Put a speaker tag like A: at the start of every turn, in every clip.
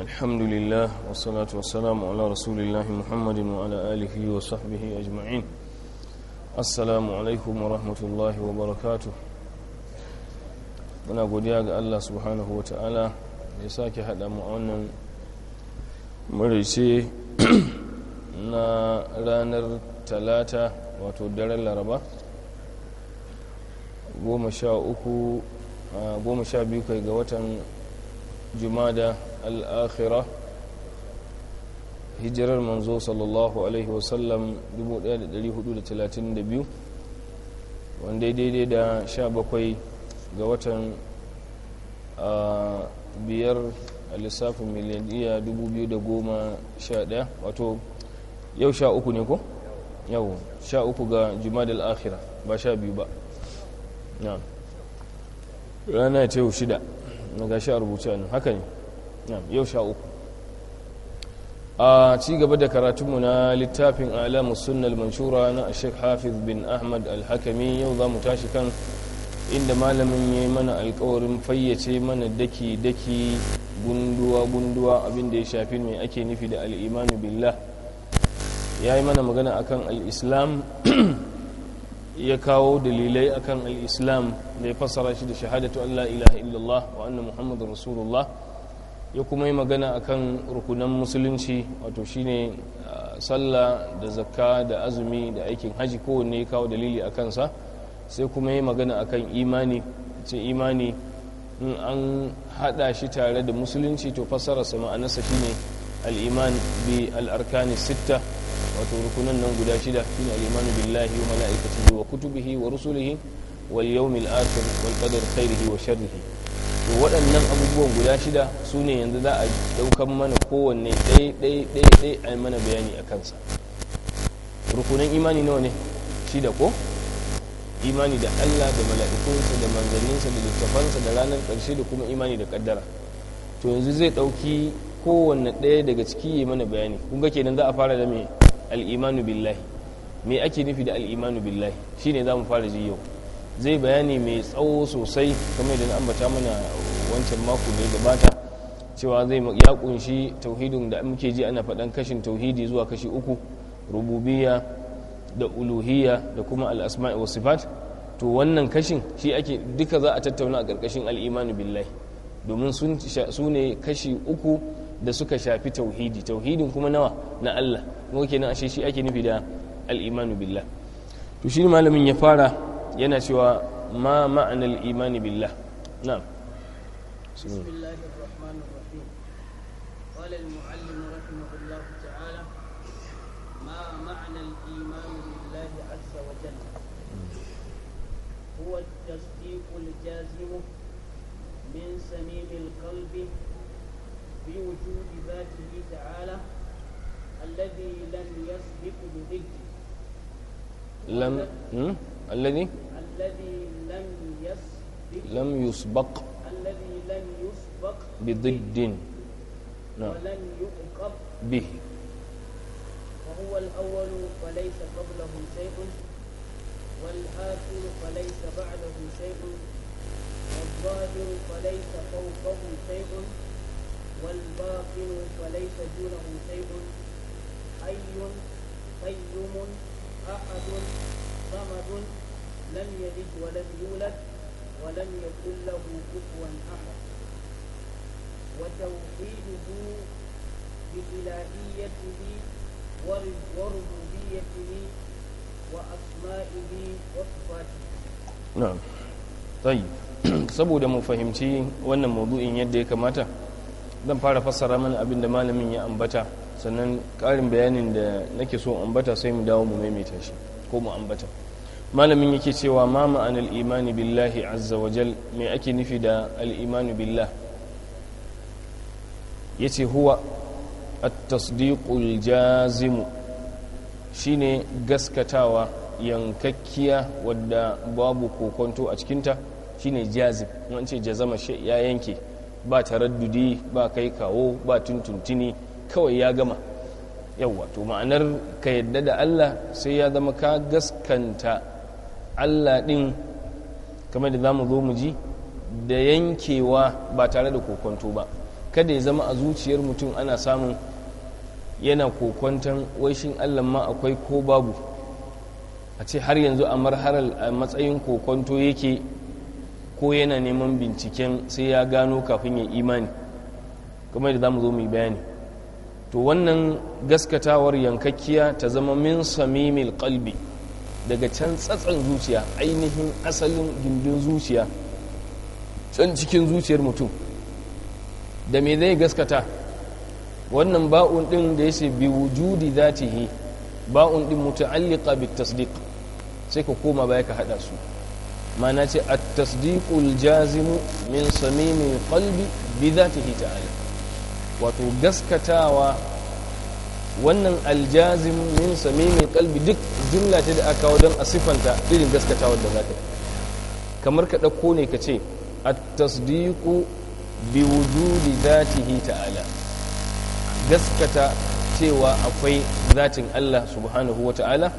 A: alhamdulillah wasalatu wasalamu ala rasulillahi muhammadin wa ala alihi wa sahbihi ajma'in assalamu alaikum wa rahmatullahi wa barakatuh muna godiya ga allah subhanahu wa ta'ala ya sake haɗa mu a wannan marice na ranar talata wato daren laraba goma sha uku goma sha biyu kai ga watan juma'a al'akhira hijirar manzo sallallahu alaihi wasallam 1432 wanda daidai da 17 ga watan biyar a lissafin miliyaniya 2011 wato yau sha uku ne ko? yau sha uku ga jumadal akhira ba sha biyu ba rana ta shida na gashi a rubuce haka ne yau sha uku a ci gaba da karatunmu na littafin alamu sunnal manshura na shek hafiz bin ahmad alhakami yau za mu tashi kan inda malamin ya yi mana alkawarin fayyace mana daki-daki gunduwa-gunduwa abinda ya shafi mai ake nufi da al'imanu billah ya yi mana magana akan al'islam ya kawo dalilai akan al'islam da ya fassara shi da shahadatu allah ilaha illallah wa anna muhammadu rasulullah ya kuma yi magana akan rukunan musulunci wato shine sallah da zakka da azumi da aikin haji kowanne ya kawo dalili a kansa sai kuma yi magana akan imani ce imani in an hada shi tare da musulunci to fassararsa ma'anarsa shine al'iman bi al'arkani sitta wato rukunan nan guda shida shine al'imanu billahi wa mala'ikatihi wa kutubihi wa rusulihi wal yawmil akhir wal qadar khairihi wa sharrihi to waɗannan abubuwan guda shida su ne yanzu za a ɗaukan mana kowanne ɗai-ɗai-ɗai a mana bayani a kansa rukunan imani nawa ne shida ko imani da allah da mala'ikunsa da manzanninsa da littafansa da ranar ƙarshe da kuma imani da ƙaddara to yanzu zai ɗauki kowanne ɗaya daga ciki ya mana bayani kun ga kenan za a fara da mai al'imanu billahi me ake nufi da al'imanu billahi shine za mu fara ji yau zai bayani mai tsawo sosai kamar da na ambata mana wancan mako mai gabata cewa zai ya kunshi tauhidin da muke ji ana faɗan kashin tauhidi zuwa kashi uku rububiya da uluhiyya da kuma al'asma'i wasu sifat to wannan kashin shi ake duka za a tattauna a ƙarƙashin al'imanu billahi domin su ne kashi uku da suka shafi tauhidi tauhidin kuma nawa na Allah kuma kenan ashe shi ake nufi da al'imanu billah to shi malamin ya fara yana cewa ma ma'anar imani billah na
B: الذي لم يسبق بضده
A: لم الذي
B: الذي لم يسبق لم يسبق الذي لم يسبق
A: بضد نعم ولم
B: يعقب به وهو الأول فليس قبله شيء والآخر فليس بعده شيء والظاهر فليس فوقه شيء والباطن فليس دونه شيء حي قيوم أحد صمد لم يلد ولم يولد ولم يكن له كفوا احد وتوحيده بالهيته وربوبيته واسمائه وصفاته
A: نعم طيب saboda mu fahimci wannan maudu'in yadda ya kamata zan fara fassara mana abin da malamin ya ambata sannan ƙarin bayanin da nake so ambata sai mu dawo mu maimaita shi ko mu ambata malamin yake cewa ma ma'anar imani billahi azzawajal wa mai ake nufi da al'imani billah ya ce huwa at jazimu shine gaskatawa yankakkiya wadda babu kokonto a cikinta shine jazim wani ce jazama ya yanke ba taraddudi ba kai kawo ba tuntuntuni kawai ya gama yawwa. to ma'anar ka yadda da Allah sai ya zama ka gaskanta allah ɗin kamar da za mu zo mu ji da yankewa ba tare da kokonto ba kada ya zama a zuciyar mutum ana samun yana kokonton waishin allah ma akwai ko babu a ce har yanzu a marharar a matsayin kokonto yake ko yana neman binciken sai ya gano kafin ya imani kamar da za mu zo mu yi bayani to wannan gaskatawar yankakkiya ta zama min samimil qalbi daga can tsatsan zuciya ainihin asalin gindin zuciya can cikin zuciyar mutum da me zai gaskata wannan ba'un din da ya yace bi wujudi yi ba'un din muta'alliqa bit tasdiq sai ka koma baya ka hada su mana ce at-tasdiqul jazimu min samimi qalbi bi zatihi ta'ala wato gaskatawa wannan aljazim min samimin kalbi duk jumla ce da aka kawo don a siffanta irin gaskata da za ta kamar ka ɗauko ne ka ce a tasdiku bi wujudi zatihi ta'ala gaskata cewa akwai zatin Allah subhanahu wa ta'ala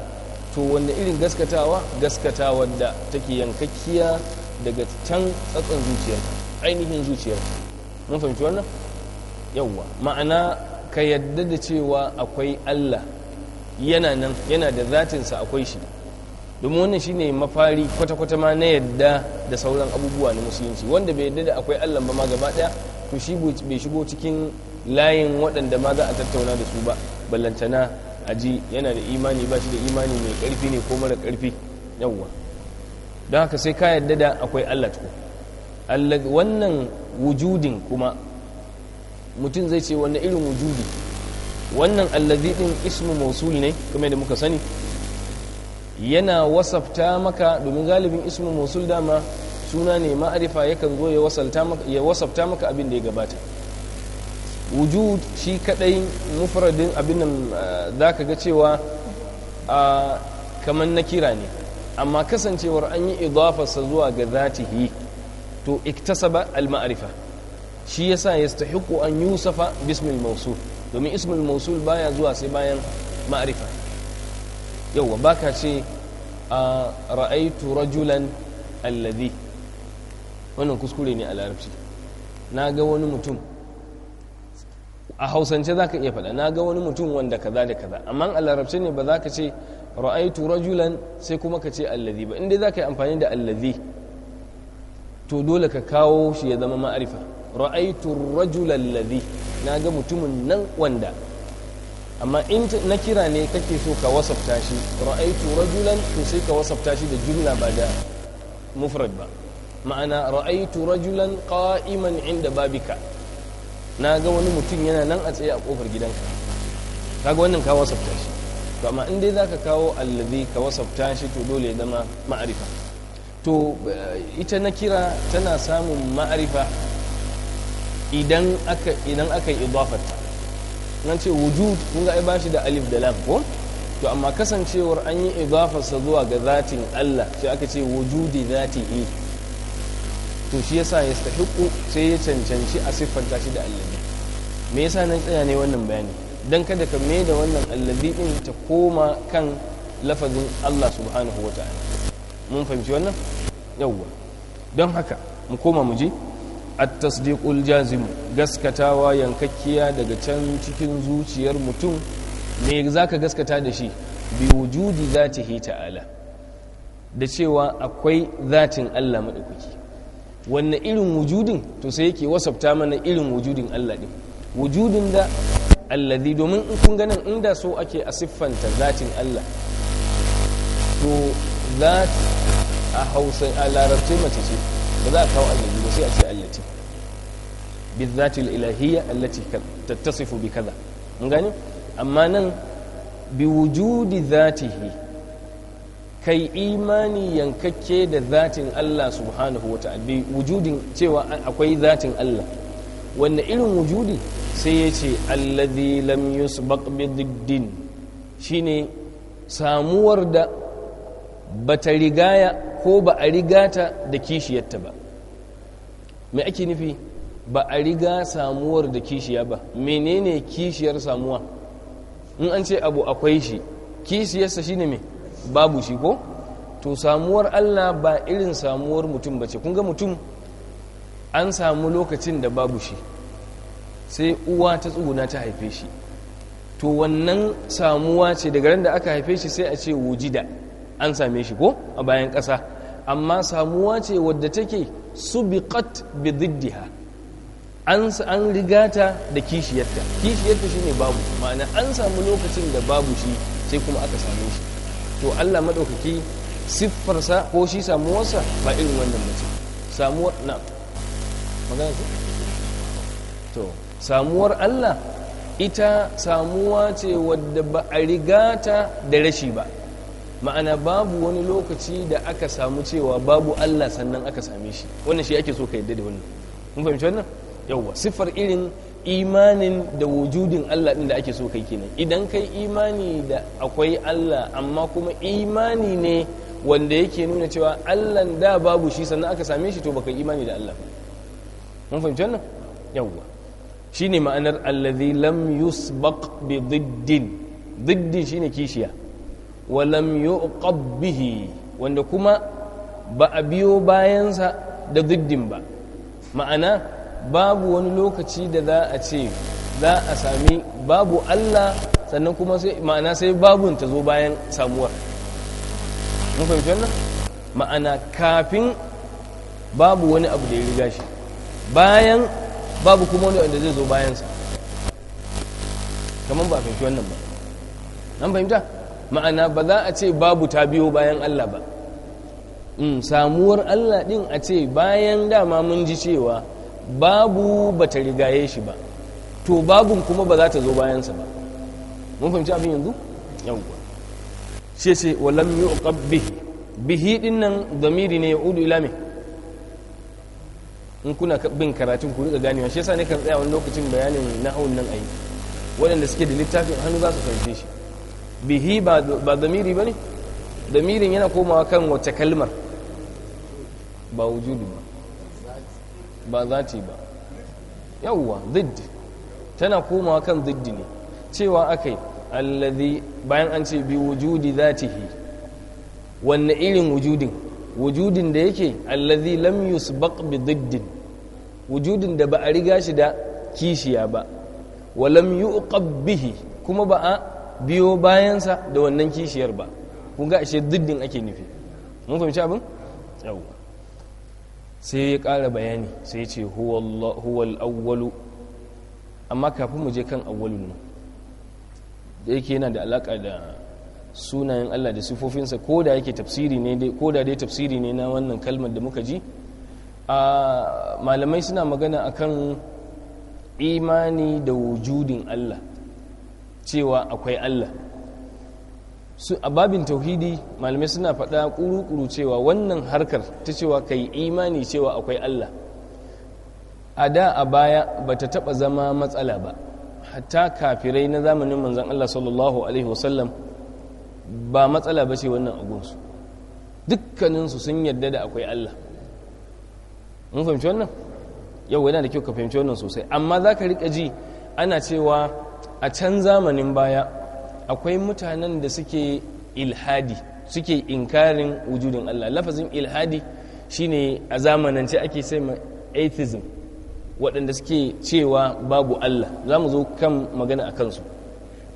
A: to wanda irin gaskatawa gaskata da take yankakkiya daga can tsatsan zuciyar ainihin zuciyar mun fahimci wannan yawwa ma'ana ka yadda da cewa akwai Allah yana nan yana da zatinsa akwai shi domin wannan shine mafari kwata-kwata ma na yadda da sauran abubuwa na musulunci wanda bai yadda da akwai Allah ba ma gaba daya to shi bai shigo cikin layin waɗanda ma za a tattauna da su ba ballantana a ji yana da imani ba shi da imani mai ƙarfi ne ko mara ƙarfi yawwa don haka sai ka yadda da akwai Allah tuku wannan wujudin kuma mutum zai ce wani irin wujudi wannan allazi din ismu mausul ne kamar da muka sani yana wasafta maka domin galibin ismu mausul dama suna ne ma'arifa yakan zo ya wasafta maka abin da ya gabata wujud shi kadai mufradin abin nan ah, zaka ga cewa ah, kamar na kira ne amma kasancewar an yi idafarsa zuwa ga zatihi to iktasaba al-ma'arifa shi yasa yastahiqu an yusafa bismil mawsul domin ismul mausul baya zuwa sai bayan ma'rifa yawwa baka ce a ra'aitu rajulan alladhi wannan kuskure ne a larabci na ga wani mutum a hausance za ka iya faɗa na ga wani mutum wanda kaza da kaza amma a larabci ne ba za ka ce ra'aitu rajulan sai kuma ka ce allazi ba inda za ka yi amfani da allazi to dole ka kawo shi ya zama ma'arifa ra'aitu rajulal ladhi na ga mutumin nan wanda amma in na kira ne kake so ka wasafta shi ra'aitu rajulan to sai ka wasafta shi da jumla ba da mufrad ba ma'ana ra'aitu rajulan qa'iman inda babika na ga wani mutum yana nan a tsaye a kofar gidanka kaga wannan ka wasafta shi to amma in dai zaka kawo allazi ka wasafta shi to dole ya zama ma'arifa to eh, ita na kira tana samun ma'arifa idan aka idan aka yi idafarta nan ce wujud mun ga ba shi da alif da lam ko to amma kasancewar an yi idafarsa zuwa ga zatin Allah sai aka ce wujudi yi to shi yasa ya stahiqu sai ya cancanci a siffanta shi da allazi me yasa nan tsaya ne wannan bayani dan kada ka mai da wannan allazi din ta koma kan lafazin Allah subhanahu wataala mun fahimci wannan yawwa don haka mu koma mu je at-tasdiqul jazim gaskatawa yankakkiya daga can cikin zuciyar mutum me zaka gaskata da shi bi wujudi zatihi ta'ala da cewa akwai zatin Allah madaukaki wannan irin wujudin to sai yake wasafta mana irin wujudin Allah din wujudin da alladhi domin in kun ganin inda so ake a siffanta zatin Allah to zat a hausa a larabce mace ce ba za a kawo allazi ba sai a ce allati bizzati ilahiyya allati tattasifu bi kaza mun gane amma nan bi wujudi zatihi kai imani yankakke da zatin Allah subhanahu wa ta'ala bi wujudin cewa akwai zatin Allah wanne irin wujudi sai ya ce allazi lam yusbaq bididdin shine samuwar da bata rigaya ko ba a riga ta da kishiyarta ba mai ake nufi ba a riga samuwar da kishiya ba menene kishiyar samuwa in an ce abu akwai shi kishiyarsa shine mai babu shi ko to samuwar allah ba irin samuwar mutum ba ce kunga mutum an samu lokacin da babu shi sai uwa ta tsuguna ta haife shi to wannan samuwa ce daga ran da aka haife shi sai a ce wujida an same shi ko a bayan ƙasa amma samuwa ce wadda take subiqat bi diddiha an an rigata da kishiyarta kishiyarta shine babu ma'ana an samu lokacin da babu shi sai kuma aka same shi to Allah madaukaki siffarsa ko shi samuwarsa ba irin wannan mace samuwar na magana to samuwar Allah ita samuwa ce wadda ba a rigata da rashi ba ma'ana babu wani lokaci da aka samu cewa babu Allah sannan aka same shi wannan shi ake so ka yadda da wannan mun fahimci wannan yawwa siffar irin imanin da wujudin Allah din da ake so kai kenan idan kai imani da akwai Allah amma kuma imani ne wanda yake nuna cewa Allah da babu shi sannan aka same shi to baka imani da Allah mun fahimci wannan yawwa shine ma'anar allazi lam yusbaq bi diddin diddin shine kishiya walam yi bihi wanda kuma ba a biyo bayansa da ziddin ba ma'ana babu wani lokaci da za a ce za a sami babu Allah sannan kuma sai ma'ana sai babun ta zo bayan samuwar fahimci wannan ma'ana kafin babu wani abu da ya riga shi bayan babu kuma wani wanda zai zo bayansa kamar ba fahimci wannan ba an fahimta ma'ana ba za a ce babu ta biyo bayan Allah ba mm, samuwar Allah ɗin a ce bayan dama mun ji cewa babu ba ta rigaye shi ba to babun kuma ba za ta zo bayansa ba mun fahimci abin yanzu yawwa sai sai walam yuqab bi bihi din nan damiri ne ya udu ila me in kuna bin karatun ku rika ganewa shi yasa ne kan tsaya wani lokacin bayanin nahawun nan yi waɗanda suke da littafin hannu za su fahimce shi bihi ba damiri ba ne damirin yana komawa kan wace kalmar ba wujudu ba ba ba yawwa ziddi tana komawa kan ziddi ne cewa aka yi allazi bayan an ce bi wujudi zatihi wanne irin wujudin wujudin da yake allazi lam yusbaq bi diddin wujudin da ba a riga shi da kishiya ba wa lam yuqab bihi kuma ba a biyo bayansa da wannan kishiyar ba kun ga ashe duddin ake nufi mun fahimci abin yau sai ya ƙara bayani sai ya ce huwal awwalu amma kafin mu je kan awwalun nan da yake yana da alaƙa da sunayen Allah da sifofinsa ko da yake tafsiri ne ko da dai tafsiri ne na wannan kalmar da muka ji a malamai suna magana akan imani da wujudin Allah cewa akwai Allah su a babin tauhidi malamai suna faɗa ƙuru-ƙuru cewa wannan harkar ta cewa kai imani cewa akwai Allah a da a baya ba ta taɓa zama matsala ba hatta kafirai na zamanin manzan Allah sallallahu alaihi wasallam ba matsala ba ce wannan agunsu dukkaninsu sun yarda da akwai Allah mun fahimci wannan yau yana da kyau ka fahimci wannan sosai amma za ka riƙa ji ana cewa a can zamanin baya akwai mutanen da suke ilhadi suke inkarin wujudin Allah lafazin ilhadi shine a zamanance ake sai atheism waɗanda suke cewa babu Allah za mu zo kan magana a kansu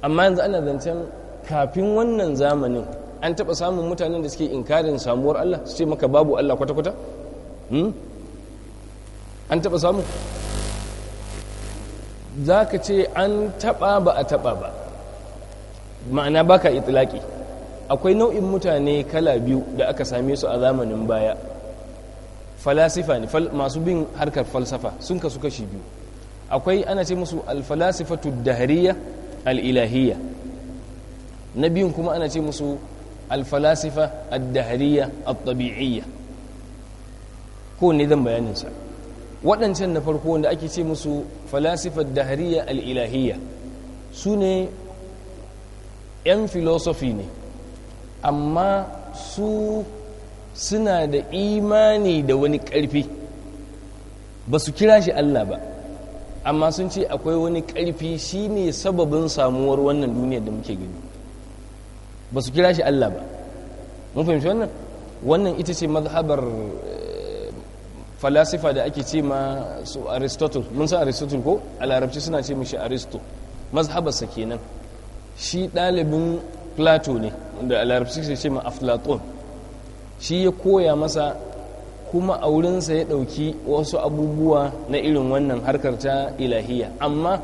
A: amma yanzu ana zancen kafin wannan zamanin an taɓa samun mutanen da suke inkarin samuwar Allah su ce maka babu Allah kwata-kwata hmm? an taɓa samu za ka ce an taɓa ba a taɓa ba ma'ana baka itilaki akwai nau'in mutane kala biyu da aka same su a zamanin baya falasifa ne masu bin harkar falsafa sun kasu kashi biyu akwai ana ce musu alfalasifatu dahariya al'ilahiyya na biyun kuma ana ce musu alfalasifa addahariya dahariya al-tabi'iyya ko ne zan bayaninsa waɗancan na farko wanda ake ce musu falasifar dahariya al'ilahiyya su ne 'yan filosofi ne amma su suna da imani da wani ƙarfi ba su kira shi Allah ba amma sun ce akwai wani ƙarfi shi ne sababin samuwar wannan duniyar da muke gani ba su kira shi Allah ba mun fahimci wannan wannan ita ce mazhabar falasifa da ake ce ma su aristotle mun san aristotle ko a larabci suna ce mishi aristo mazhabarsa kenan shi ɗalibin plato ne wanda a larabci ce ma aflaton shi ya koya masa kuma a wurinsa ya ɗauki wasu abubuwa na irin wannan harkar ta ilahiya amma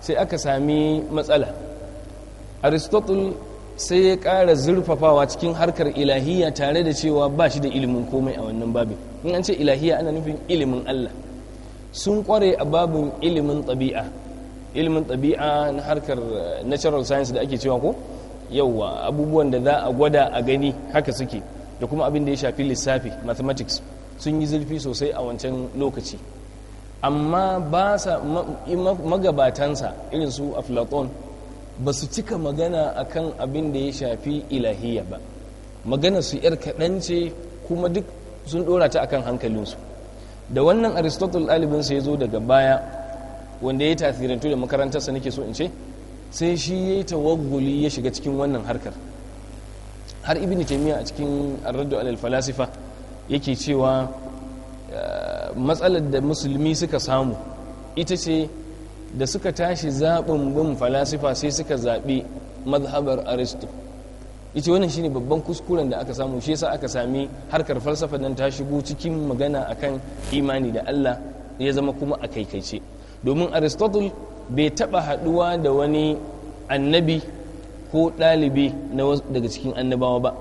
A: sai aka sami matsala aristotle sai ya ƙara zurfafawa cikin harkar ilahiya tare da cewa ba shi da ilimin komai a wannan babin in an ce ilahiya ana nufin ilimin Allah sun kware a babin ilimin ɗabi'a ilimin ɗabi'a na harkar eh, natural science da ake cewa ko yauwa abubuwan da za a gwada a gani haka suke da kuma abin da ya shafi lissafi mathematics sun yi zurfi sosai a wancan lokaci amma ba sa magabatansa irin su aflaton ba su cika magana akan abin da ya shafi ilahiyya ba magana su yar kaɗan ce kuma duk sun ɗora ta akan hankalinsu da wannan aristotle ɗalibinsa ya zo daga baya wanda ya tasirantu da makarantarsa nake so in ce sai shi ya yi tawagguli ya shiga cikin wannan harkar har ibn taimiyya a cikin arraddu alal falasifa yake cewa ah, matsalar da musulmi suka samu ita ce da suka tashi zaɓin bin falasifa sai suka zaɓi mazhabar aristo ita wannan shine babban kuskuren da aka samu shi yasa aka sami harkar falsafa nan ta shigo cikin magana akan imani da Allah ya zama kuma a kaikaice domin aristotle bai taba haɗuwa da wani annabi ko ɗalibi daga cikin annabawa ba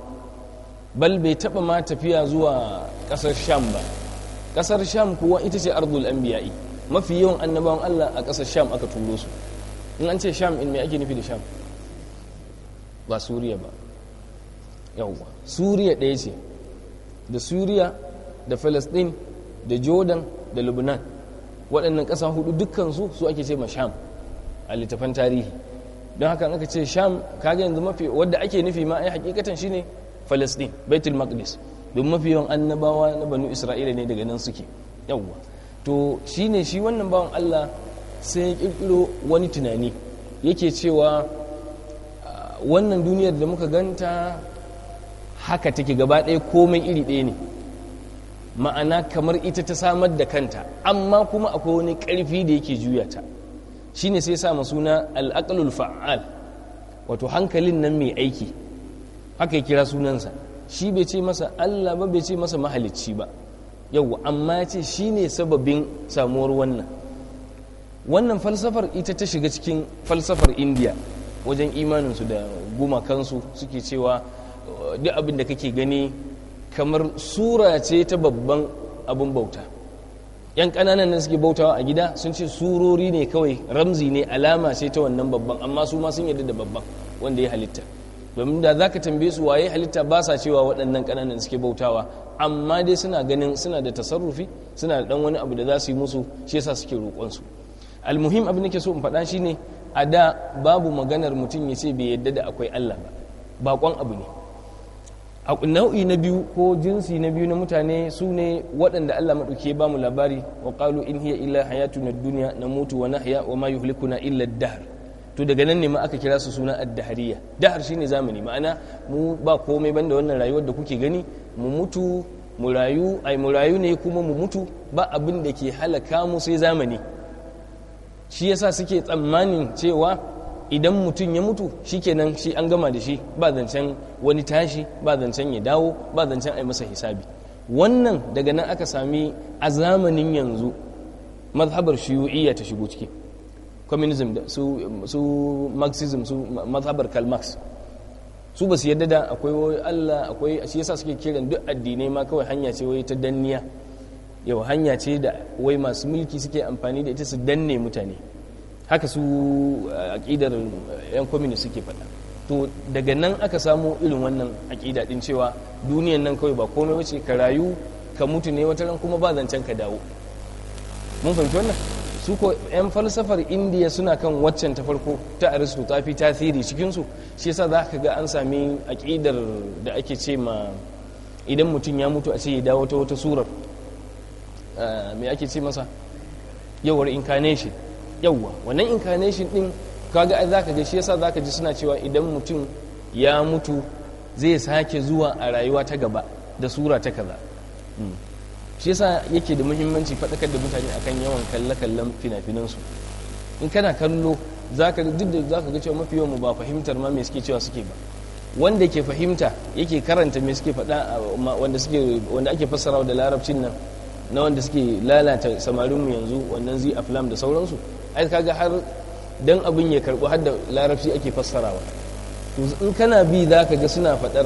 A: bal bai taɓa ma tafiya zuwa ƙasar sham ba ƙasar sham kuwa ita ce ardul anbiya'i mafi yawan annabawan Allah a ƙasar sham aka turo su in an ce sham in me ake nufi da sham ba suriya ba yawwa suriya ɗaya ce da suriya da falastin da jordan da lubnan waɗannan ƙasa hudu dukkansu su ake ce ma sham a littafan tarihi don haka aka ce sham kaga yanzu mafi wadda ake nufi ma ai hakikatan shine falastin baitul maqdis don mafi yawan annabawa na banu isra'ila ne daga nan suke yawwa to shine shi wannan bawan Allah sai ya kirkiro wani tunani yake cewa ah, wannan duniyar da muka ganta haka take gaba ɗaya komai iri ɗaya ne ma'ana kamar ita ta samar da kanta amma kuma akwai wani ƙarfi da yake juya ta shine sai ya sa suna al'aqlul fa'al wato hankalin nan mai aiki haka ya kira sunansa shi bai ce masa Allah ba bai ce masa mahalicci ba yau amma ya ce shi ne sababin samuwar wannan wannan falsafar ita ta shiga cikin falsafar indiya wajen imaninsu da gumakansu suke cewa duk abin da kake gani kamar sura ce ta babban abin bauta yan kananan nan suke bautawa a gida sun ce surori ne kawai ramzi ne alama ce ta wannan babban amma su ma sun yarda da babban wanda ya halitta domin da zaka tambaye su waye halitta ba sa cewa waɗannan ƙananan suke bautawa amma dai suna ganin suna da tasarrufi suna da ɗan wani abu da za su yi musu shi yasa suke roƙon su almuhim abin da ke so in faɗa shi ne a da babu maganar mutum ya ce bai yadda da akwai Allah ba baƙon abu ne nau'i na biyu ko jinsi na biyu na mutane su ne waɗanda Allah maɗauke ba mu labari wa qalu in hiya illa hayatuna dunya namutu wa nahya wa ma yuhlikuna illa dahr to daga nan ne ma aka kira su suna addahariya dahar shine zamani ma'ana mu ba komai banda wannan rayuwar da kuke gani mu mutu mu rayu ai mu rayu ne kuma mu mutu ba abin da ke halaka mu sai zamani shi yasa suke tsammanin cewa idan mutum ya mutu shi shikenan shi an gama da shi ba zancen wani tashi ba zancen ya dawo ba zancen ai masa hisabi wannan daga nan aka sami a zamanin yanzu mazhabar shiyu'iyya ta shigo ciki communism su marxism su mazhabar karl marx su ba su yadda da akwai Allah akwai shi yasa suke kiran duk addinai ma kawai hanya ce wai ta danniya yau hanya ce da wai masu mulki suke amfani da ita su danne mutane haka su eh, aqidar yan eh, communist suke faɗa to daga nan aka samu irin wannan aqida din cewa duniyan nan kawai ba komai wace ka rayu ka mutu ne wata ran kuma ba zancen ka dawo mun fahimci wannan su ko 'yan falsafar indiya suna kan waccan ta farko ta aristo ta fi tasiri cikinsu shi yasa za ka ga an sami aƙidar da ake ce ma idan mutum ya mutu a ce ya dawo ta wata surar ah, me ake ce masa yawar incarnation yawwa wannan incarnation din kaga za ka ga shi yasa za ka ji suna cewa idan mutum ya mutu zai sake zuwa a rayuwa ta gaba da sura ta kaza hmm. shi yasa yake da muhimmanci faɗakar da mutane akan yawan kalle-kallen fina-finansu in kana kallo zaka duk da zaka ga cewa mafi yawan mu ba fahimtar ma me suke cewa suke ba wanda ke fahimta yake karanta me suke faɗa wanda suke wanda ake fassarawa da larabcin nan na wanda suke lalata samarin mu yanzu wannan a aflam da sauransu ai kaga har dan abin ya karbu har da larabci ake fassarawa to in kana bi zaka ga suna faɗar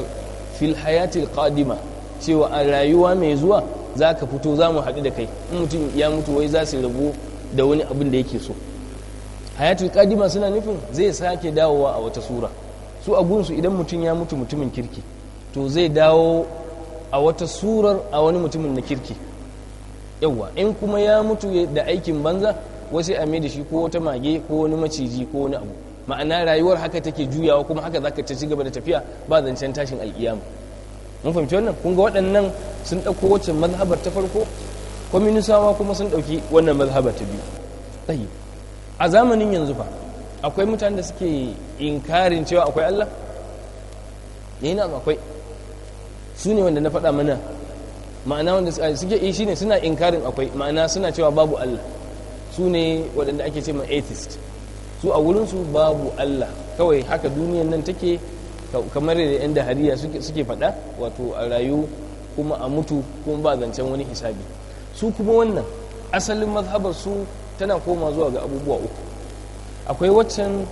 A: fil hayatil qadima cewa a rayuwa mai zuwa za ka fito za mu haɗu da kai in mutum ya mutu wai za su rabu da wani abin da yake so hayatul kadima suna nufin zai sake dawowa a wata sura su a gunsu idan mutum ya mutu mutumin kirki to zai dawo a wata surar a wani mutumin na kirki yawwa in kuma ya mutu da aikin banza wasu a da shi ko wata mage ko wani maciji ko wani abu ma'ana rayuwar haka take juyawa kuma haka zaka ta ci gaba da tafiya ba zancen tashin alkiyama mun fahimci wannan kun ga waɗannan sun ɗauko wacce mazhabar ta farko kwaminisawa kuma sun ɗauki wannan mazhabar ta biyu tsayi a zamanin yanzu fa akwai mutanen da suke inkarin cewa akwai Allah yayin eh, ba akwai su ne wanda na faɗa mana ma'ana wanda suke yi eh, shine suna inkarin akwai ma'ana suna cewa babu Allah su ne waɗanda ake ce ma atheist su a wurinsu babu Allah kawai haka duniyan nan take kamar da 'yan dahariya suke faɗa wato a rayu kuma a mutu kuma ba zancen wani hisabi su kuma wannan asalin mazhabar su tana koma zuwa ga abubuwa uku akwai waccan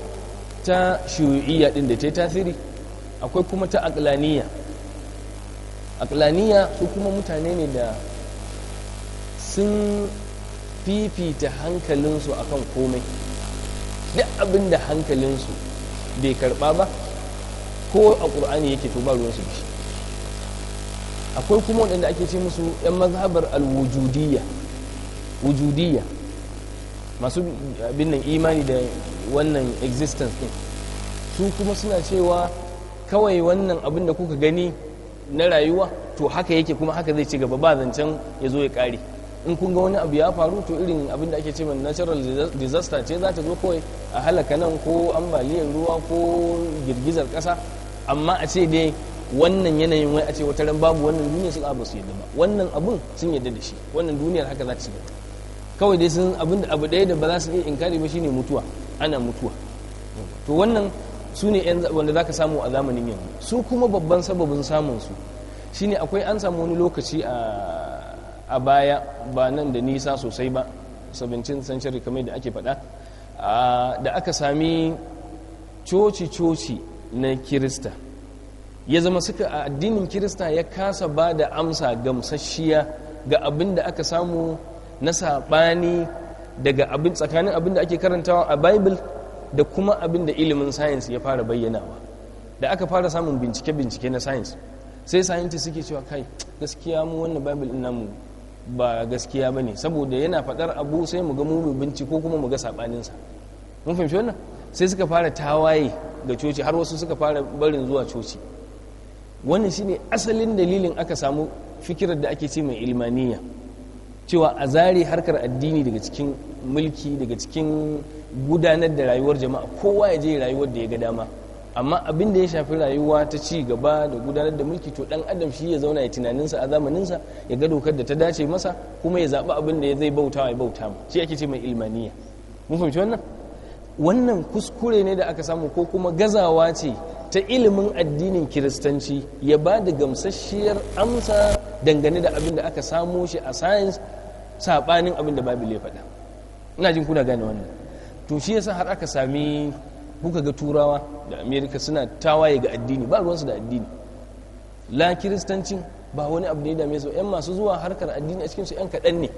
A: ta shuyu'iyya din da ta yi tasiri akwai kuma ta aklaniya aklaniya su kuma mutane ne da sun fifita hankalinsu akan komai duk abin da hankalinsu bai karba ba ko a ƙur'ani yake to ba ruwan su shi akwai kuma waɗanda ake ce musu yan mazhabar alwujudiyya wujudiyya masu abin imani da wannan existence din su kuma suna cewa kawai wannan abin da kuka gani na rayuwa to haka yake kuma haka zai ci gaba ba zancen ya zo ya kare. in kun ga wani abu ya faru to irin abin da ake ce mai natural disaster ce za ta zo kawai a halaka nan ko ambaliyar ruwa ko girgizar kasa amma a ce dai wannan yanayin wai a ce wata ran babu wannan duniya sun abu su yadda ba wannan abun sun yadda da shi wannan duniyar haka za ta ci kawai dai sun abin abu ɗaya da ba za su iya inkari ba shine mutuwa ana mutuwa to wannan su ne wanda za ka samu a zamanin yanzu su kuma babban sababin samun su shine akwai an samu wani lokaci a a baya ba nan da nisa sosai ba 17th century kamar da ake faɗa da aka sami coci-coci na kirista ya zama suka a addinin kirista ya kasa ba da amsa gamsasshiya ga abin da aka samu na saɓani daga abin tsakanin abin da ake karantawa a bible da kuma abin da ilimin science ya fara bayyanawa da aka fara samun bincike-bincike na science sai scientists suke cewa kai gaskiya mu wannan bible din namu ba gaskiya ba ne saboda yana faɗar abu sai mu ga mu binciko kuma mu ga saɓaninsa mun fahimci wannan sai suka fara tawaye ga coci har wasu suka fara barin zuwa coci wannan shine asalin dalilin aka samu fikirar da ake ce mai ilmaniya cewa a zare harkar addini daga cikin mulki daga cikin gudanar da rayuwar jama'a kowa ya je rayuwar da ya ga dama amma abin da ya shafi rayuwa ta ci gaba da gudanar da mulki to dan adam shi ya zauna ya tunaninsa a zamaninsa ya ga dokar da ta dace masa kuma ya zaɓi abin da ya zai bauta ya bauta mu shi ake ce mai ilmaniya mun fahimci wannan wannan kuskure ne da aka samu ko kuma gazawa ce ta ilimin addinin kiristanci ya ba da gamsasshiyar amsa dangane da abin da aka samo shi a science saɓanin abin da babu ya faɗa ina jin kuna gane wannan to shi yasa har aka sami kuka ga turawa da amerika suna tawaye ga addini ba ruwansu da addini la kiristancin ba wani abu da ya dame su yan masu zuwa harkar addini a cikin su yan kaɗan ne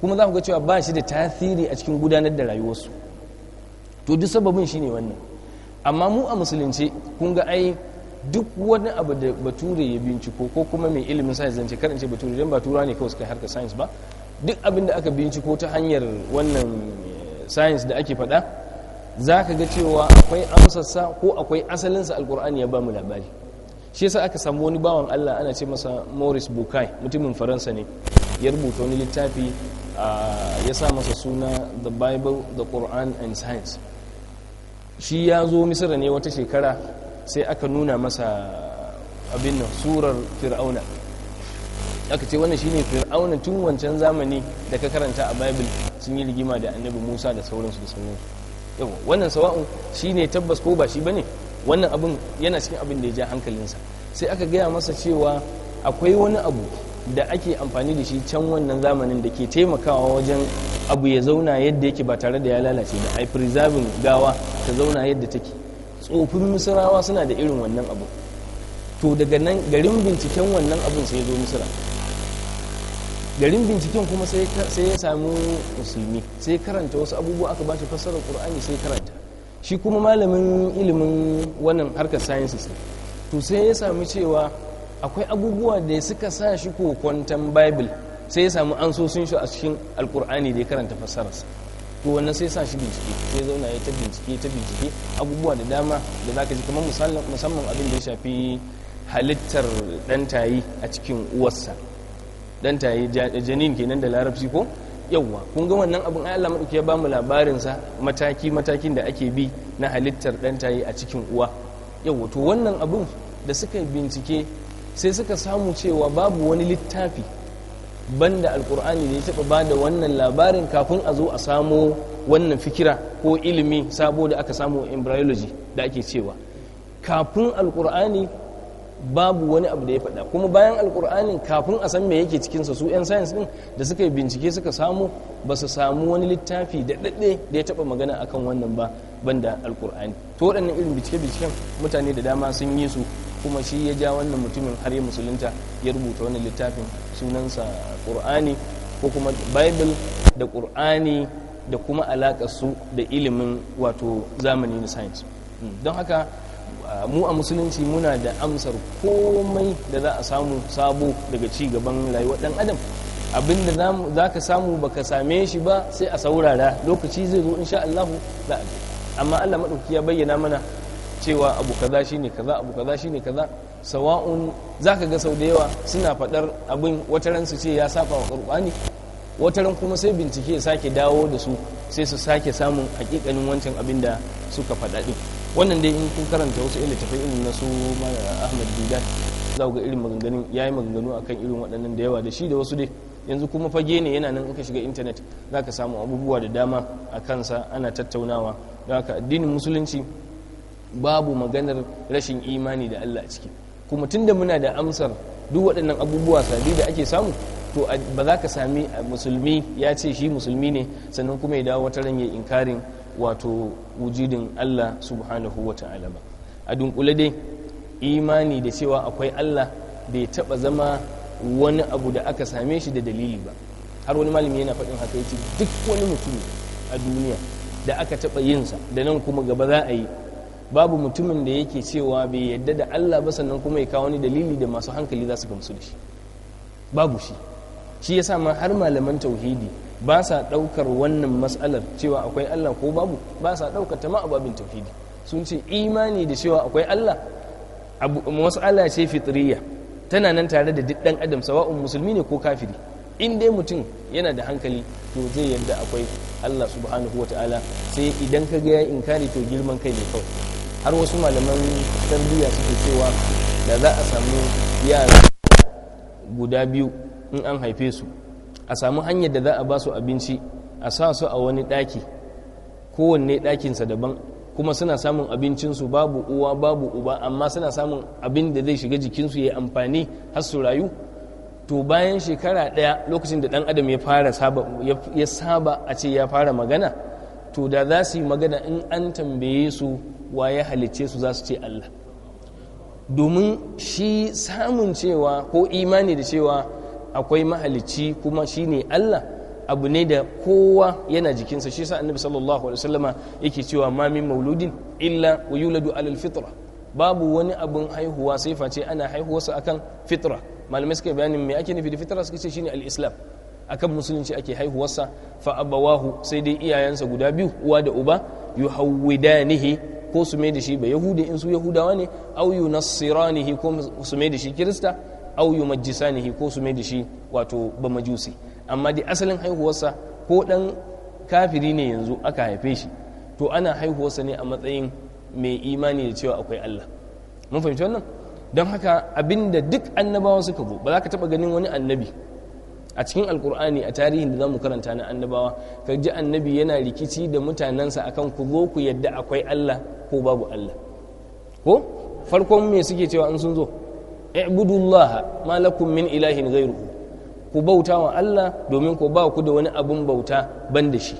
A: kuma za ku ga cewa ba shi da tasiri a cikin gudanar da rayuwarsu to duk sababin shine wannan amma mu a musulunci kun ga ai duk wani abu da bature ya binciko ko kuma mai ilimin science zance karin ce bature ba batura ne kawai suka harkar science ba duk abin da aka binciko ta hanyar wannan eh, science da ake faɗa za ka ga cewa akwai amsarsa ko akwai asalinsa alkur'ani ya ba mu labari shi yasa aka samu wani bawan allah ana ce masa maurice bukai mutumin faransa ne ya rubuta wani littafi ya sa masa suna the bible the quran and science shi ya zo misira ne wata shekara sai aka nuna masa abin nan surar fir'auna aka ce wannan shine fir'auna tun wancan zamani da ka karanta a bible sun yi rigima da annabi musa da sauransu da sauransu wannan sawa'un shi ne tabbas ko ba shi ba ne wannan abin yana cikin abin da ya ja hankalinsa sai aka gaya masa cewa akwai wani abu da ake amfani da shi can wannan zamanin da ke taimakawa wajen abu ya zauna yadda yake ba tare da ya lalace da ai preserving gawa ta zauna yadda take tsofin misirawa suna da irin wannan abu to daga nan garin binciken wannan abin sai zo misira garin binciken kuma sai ya samu musulmi sai karanta wasu abubuwa aka bashi fassarar kur'ani sai karanta shi kuma malamin ilimin wannan harkar sciences to sai ya samu cewa akwai abubuwa da suka sa shi kokwantan bible sai ya samu sun shi a cikin alkur'ani da ya karanta fassararsa to wannan sai ya sa shi bincike sai zauna ya ta bincike ta bincike abubuwa da dama da zaka ji kamar musamman abin da ya shafi halittar ɗantayi a cikin uwarsa dan yi janin kenan da larabci ko yawwa kun ga wannan abin Allah madauki ya bamu mu labarin sa mataki matakin da ake bi na halittar dan yi a cikin uwa yawwa to wannan abin da suka bincike sai suka samu cewa babu wani littafi banda alkur'ani da ya taba bada wannan labarin kafin a zo a samo wannan fikira ko ilimi sabo da aka samu embryology da ake cewa kafin alkur'ani babu wani abu da ya faɗa kuma bayan al'kur'ani kafin a san me yake cikinsa su 'yan sayans ɗin da suka yi bincike suka samu ba su samu wani littafi da daɗe da ya taɓa magana akan wannan ba banda alkur'ani to waɗannan irin bincike-binciken mutane da dama sun yi su kuma shi ya ja wannan mutumin har ya musulunta ya rubuta wani littafin sunansa qur'ani ko kuma bible da qur'ani da kuma alaƙar su da ilimin wato zamani na science hmm. don haka Ah, mu a musulunci muna da amsar komai da za a samu sabo daga ci gaban rayuwar dan adam abinda za ka samu baka same shi ba sai a saurara lokaci zai zo insha Allah za a amma Allah madauki ya bayyana mana cewa abu kaza shine kaza abu kaza shine kaza sawa'un zaka ga sau da yawa suna faɗar abin wataran su ce ya safa wa qur'ani wataran kuma sai bincike ya sake dawo da su sai su sake samun hakikanin wancan abin da suka faɗa din wannan dai in kun karanta wasu ilmi littafai irin na su ahmad didat za ga irin maganganun ya yi maganganu akan irin waɗannan da yawa da shi da wasu dai yanzu kuma fage ne yana nan aka ka shiga intanet za ka samu abubuwa da dama a kansa ana tattaunawa da haka addinin musulunci babu maganar rashin imani da allah a ciki kuma tunda muna da amsar duk waɗannan abubuwa sadi da ake samu to ba za ka sami musulmi ya ce shi musulmi ne sannan kuma ya dawo wata ran ya inkarin wato wujudin Allah subhanahu wa ta'ala ba a dunkule dai imani da cewa akwai Allah bai taba zama wani abu da aka same shi da dalili ba har wani malami yana faɗin haka yace duk wani mutum a duniya da aka taba sa da nan kuma gaba za a yi babu mutumin da yake cewa bai yadda da Allah ba sannan kuma ya kawo wani dalili da masu hankali za su gamsu da shi babu shi shi yasa ma har malaman tauhidi ba sa ɗaukar wannan matsalar cewa akwai Allah ko babu ba sa ɗaukar ta ma babin sun ce imani da cewa akwai Allah matsala ce fitriya tana nan tare da duk ɗan adam sawa'un musulmi ne ko kafiri in dai mutum yana da hankali to zai yadda akwai Allah subhanahu wa ta'ala sai idan ka ga ya kare to girman kai ne kawai har wasu malaman tarbiyya suke cewa da za a samu yara guda biyu in an haife su a samu hanyar da za a ba su abinci a sa su a wani ɗaki kowanne ɗakinsa daban kuma suna samun abincinsu babu uwa babu uba amma suna samun abin da zai shiga jikinsu ya amfani har su rayu to bayan shekara ɗaya lokacin da ɗan adam ya fara saba ya saba a ce ya fara magana to da za su yi magana in an tambaye su wa ya halicce su za su ce Allah domin shi samun cewa ko imani da cewa akwai mahalicci kuma shine Allah abu ne da kowa yana jikinsa shi sa annabi sallallahu alaihi wasallama yake cewa ma min mauludin illa wa yuladu alal fitra babu wani abun haihuwa sai face ana haihuwarsa akan fitra malamai suka bayanin me ake nufi da fitra suka ce shine al-islam akan musulunci ake haihuwarsa fa abawahu sai dai iyayensa guda biyu uwa da uba yuhawwidanihi ko su mai da shi ba yahudi in su yahudawa ne au yunassiranihi ko su mai da shi kirista au majisanihi ko su mai da shi wato ba majusi amma dai asalin haihuwarsa ko dan kafiri ne yanzu aka haife shi to ana haihuwarsa ne a matsayin mai imani da cewa akwai Allah mun fahimci wannan don haka abinda duk annabawa suka zo ba za ka taba ganin wani annabi a cikin alkur'ani a tarihin da za mu karanta na annabawa ka ji annabi yana rikici da mutanensa akan ku zo ku yadda akwai Allah ko babu Allah ko farkon me suke cewa an sun zo i'budullaha ma lakum min ilahin ghairuhu ku bauta wa Allah domin ku ba ku da wani abun bauta ban da shi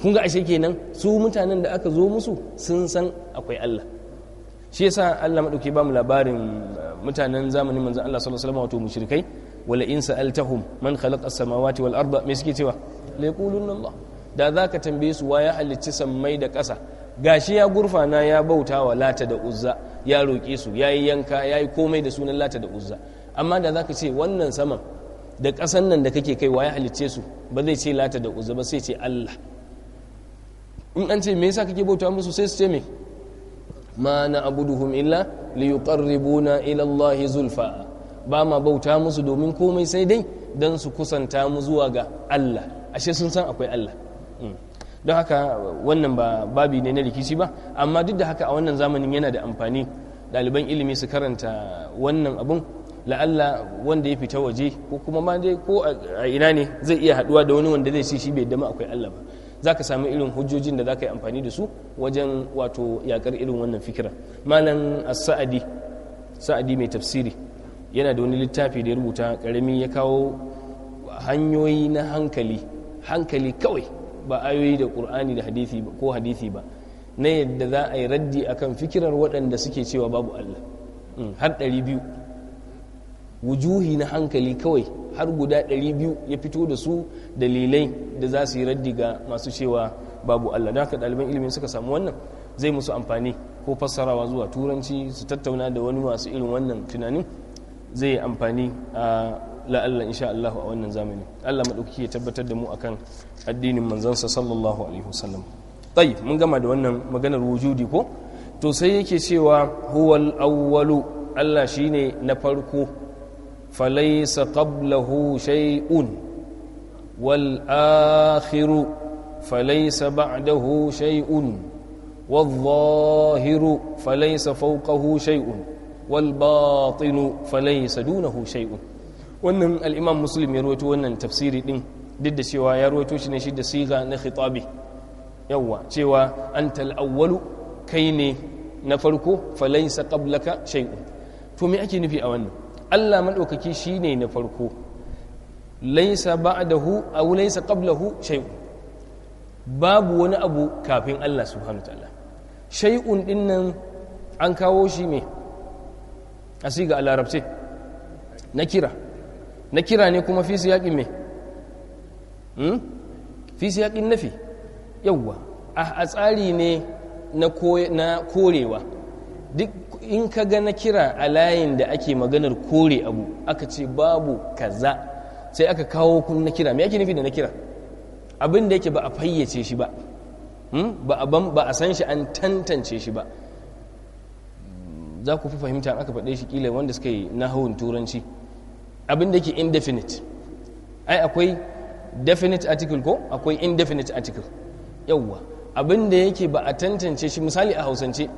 A: kun ga ashe kenan su mutanen da aka zo musu sun san akwai Allah shi yasa Allah madauki ba mu labarin eh, mutanen zamanin manzon Allah sallallahu alaihi wasallam wato mushrikai wala in sa'altahum man khalaqa as-samawati wal arda me suke cewa la yaqulunna Allah da zaka tambaye su wa ya halicci sammai da ƙasa gashi ya gurfana ya bauta wa lata da uzza ya roƙe su ya yi yanka ya yi komai da sunan lata da uzza amma da za ka ce wannan saman da ƙasan nan da kake kaiwa ya halicce su ba zai ce lata da uzza ba sai ce allah in an ce me yasa kake bauta musu sai su ce me ma na abuduhum illa li yuqarribuna ila allahi zulfa ba ma bauta musu domin komai sai dai dan su kusanta mu zuwa ga allah ashe sun san akwai allah don haka wannan ba babi ne na rikici ba amma duk da haka a wannan zamanin yana da amfani ɗaliban ilimi su karanta wannan abun la'alla wanda ya fita waje ko kuma ma dai ko a ina ne zai iya haɗuwa da wani wanda zai ce shi bai dama akwai Allah ba za ka samu irin hujjojin da za ka yi amfani da su wajen wato yakar irin wannan fikira malam sa'adi sa'adi mai tafsiri yana da wani littafi da ya rubuta karami ya kawo hanyoyi na hankali hankali kawai ba ayoyi da ƙur'ani da hadisi ba ko hadisi ba na yadda za a yi raddi akan fikirar waɗanda suke cewa babu Allah mm, har ɗari biyu wujuhi na hankali kawai har guda ɗari biyu ya fito da su dalilai da za su yi raddi ga masu cewa babu Allah don haka ɗaliban ilimin suka samu wannan zai musu amfani ko fassarawa zuwa turanci su tattauna da wani masu irin wannan tunanin zai amfani a la'allah insha Allah a wannan zamani Allah maɗauki ya tabbatar da mu akan addinin manzansa sallallahu alaihi wasallam tayi mun gama da wannan maganar wujudi ko to sai yake cewa huwal awwalu Allah shine na farko falaysa qablahu shay'un wal akhiru falaysa ba'dahu shay'un falaisa فليس فوقه wal والباطن فليس dunahu شيء wannan al'imam muslim ya rawaito wannan tafsiri din duk da cewa ya ruwaito shi ne shi da siga na khitabi yawwa cewa anta al-awwalu kai ne na farko falaysa qablaka shay'un to me ake nufi a wannan Allah madaukaki shine na farko laysa ba'dahu aw laysa qablahu shay'un babu wani abu kafin Allah subhanahu ta'ala shay'un dinnan an kawo shi me asiga a larabce na kira na kira ne kuma fi siyaƙin me Hmm? fi siyaƙin nafi yawwa a tsari ne na korewa duk in ka ga na kira a layin da ake maganar kore abu aka ce babu kaza sai aka kawo kun na kira me ake nufi da na kira abin da yake ba a fayyace shi ba hmm? ba a san shi an tantance shi ba za ku fi fahimta aka faɗe shi kila wanda suka yi na nahawun turanci abin da yake indefinite ai akwai definite article ko akwai indefinite article yawwa abin da yake ba a tantance shi misali a hausance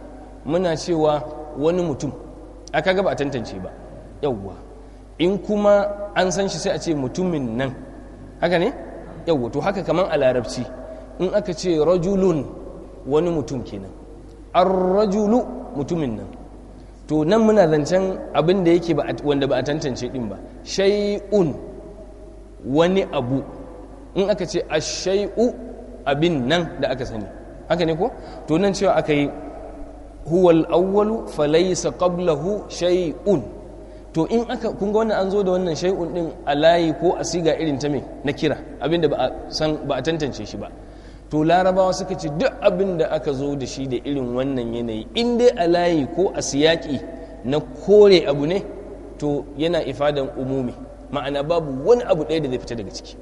A: muna cewa wani mutum aka ga ba a tantance ba yawwa in kuma an san shi sai a ce mutumin nan haka ne yawwa to haka kaman a larabci in aka ce rajulun wani mutum kenan an rajulu mutumin nan to nan muna zancen abin da yake wanda ba a tantance din ba shay'un wani abu in aka ce shai'u abin nan da aka sani haka ne ko to nan cewa aka yi huwal awwalu falaysa qablahu shay'un to in aka kun ga wannan an zo da wannan shay'un din a layi ko a siga irin ta me na kira abinda ba a san ba tantance shi ba to larabawa suka ce duk abin da aka zo da shi da irin wannan yanayi in dai a layi ko a siyaki na kore abu ne to yana ifadan umumi ma'ana babu wani abu ɗaya da zai fita daga ciki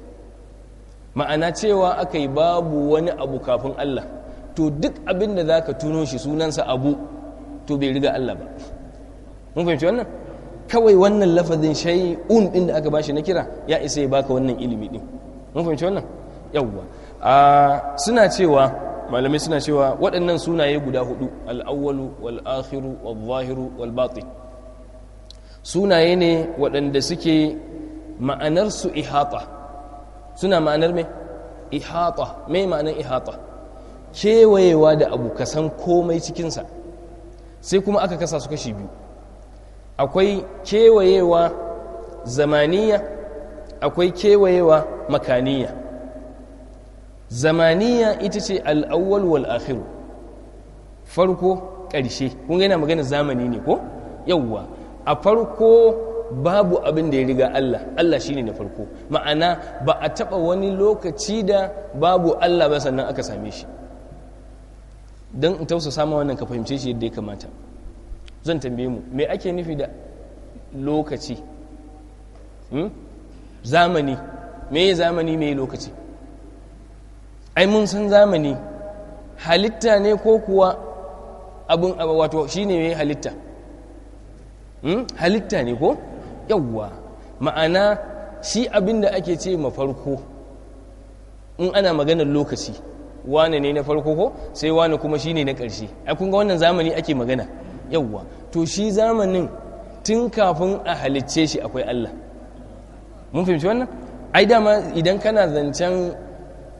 A: ma'ana cewa aka yi babu wani abu kafin Allah to duk abin da za ka tuno shi sunansa abu to bai riga Allah ba mun fahimci wannan kawai wannan lafazin un din da aka bashi na kira ya isa ya baka wannan ilimi din mun fahimci wannan yawwa suna cewa malamai suna cewa waɗannan sunaye guda hudu al-awwalu wal akhiru wal zahiru wal batin sunaye ne waɗanda suke ma'anar su ihata suna ma'anar mai ihata mai ma'anar ihata kewayewa da abu kasan komai cikinsa sai kuma aka kasa su kashi biyu akwai kewayewa zamaniya akwai kewayewa makaniya zamaniya ita ce al'awwal wal akhiru farko ƙarshe kun yana magana zamani ne ko yawwa a farko babu abin da ya riga Allah Allah shine na farko ma'ana ba a taba wani lokaci da babu Allah ba sannan aka same shi don in tausasa ma wannan ka fahimce shi yadda ya kamata zan tambaye mu me ake nufi da lokaci hmm? zamani me zamani me lokaci ai mun san zamani halitta ne ko kuwa abin wato shine me halitta hmm? halitta ne ko yawwa ma'ana shi abin da ake ce ma farko in ana maganar lokaci wane ne na farko ko sai wane kuma shi ne na ƙarshe a kun wannan zamani ake magana yawwa to shi zamanin tun kafin a halicce shi akwai Allah mun fahimci wannan ai dama idan kana zancen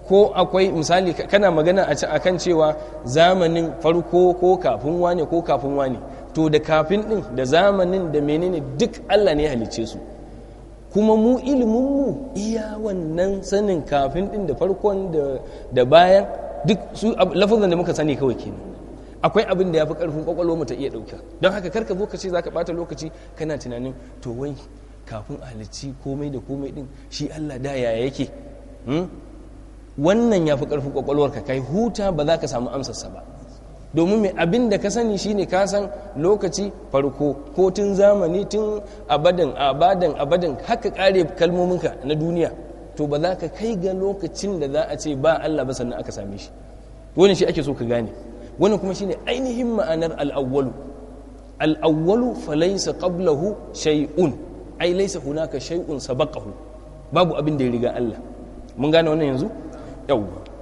A: ko akwai misali kana magana a kan cewa zamanin farko ko kafin wane ko kafin wane to da kafin din da zamanin da menene duk Allah ne halice su kuma mu ilimin mu iya wannan sanin kafin din da farkon da bayan duk su lafazan da muka sani kawai kenan akwai abin da ya fi ƙarfin ƙwaƙwalwar mu ta iya ɗauka don haka karka zo ka ce zaka bata lokaci kana tunanin to wai kafin halicci komai da komai din shi Allah da ya yake hmm? wannan ya fi ƙarfin ka kai huta ba za ka samu amsarsa ba domin mai abin da ka sani shine ka san lokaci farko ko tun zamani tun abadan abadan abadan haka kare kalmominka na duniya to ba za ka kai ga lokacin da za a ce ba Allah ba sannan aka same shi wani shi ake so ka gane wani kuma shine ainihin ma'anar al'awwalu al'awwalu fa awwalu qablahu shay'un ai laysa hunaka shay'un sabaqahu babu abin da ya riga Allah mun gane wannan yanzu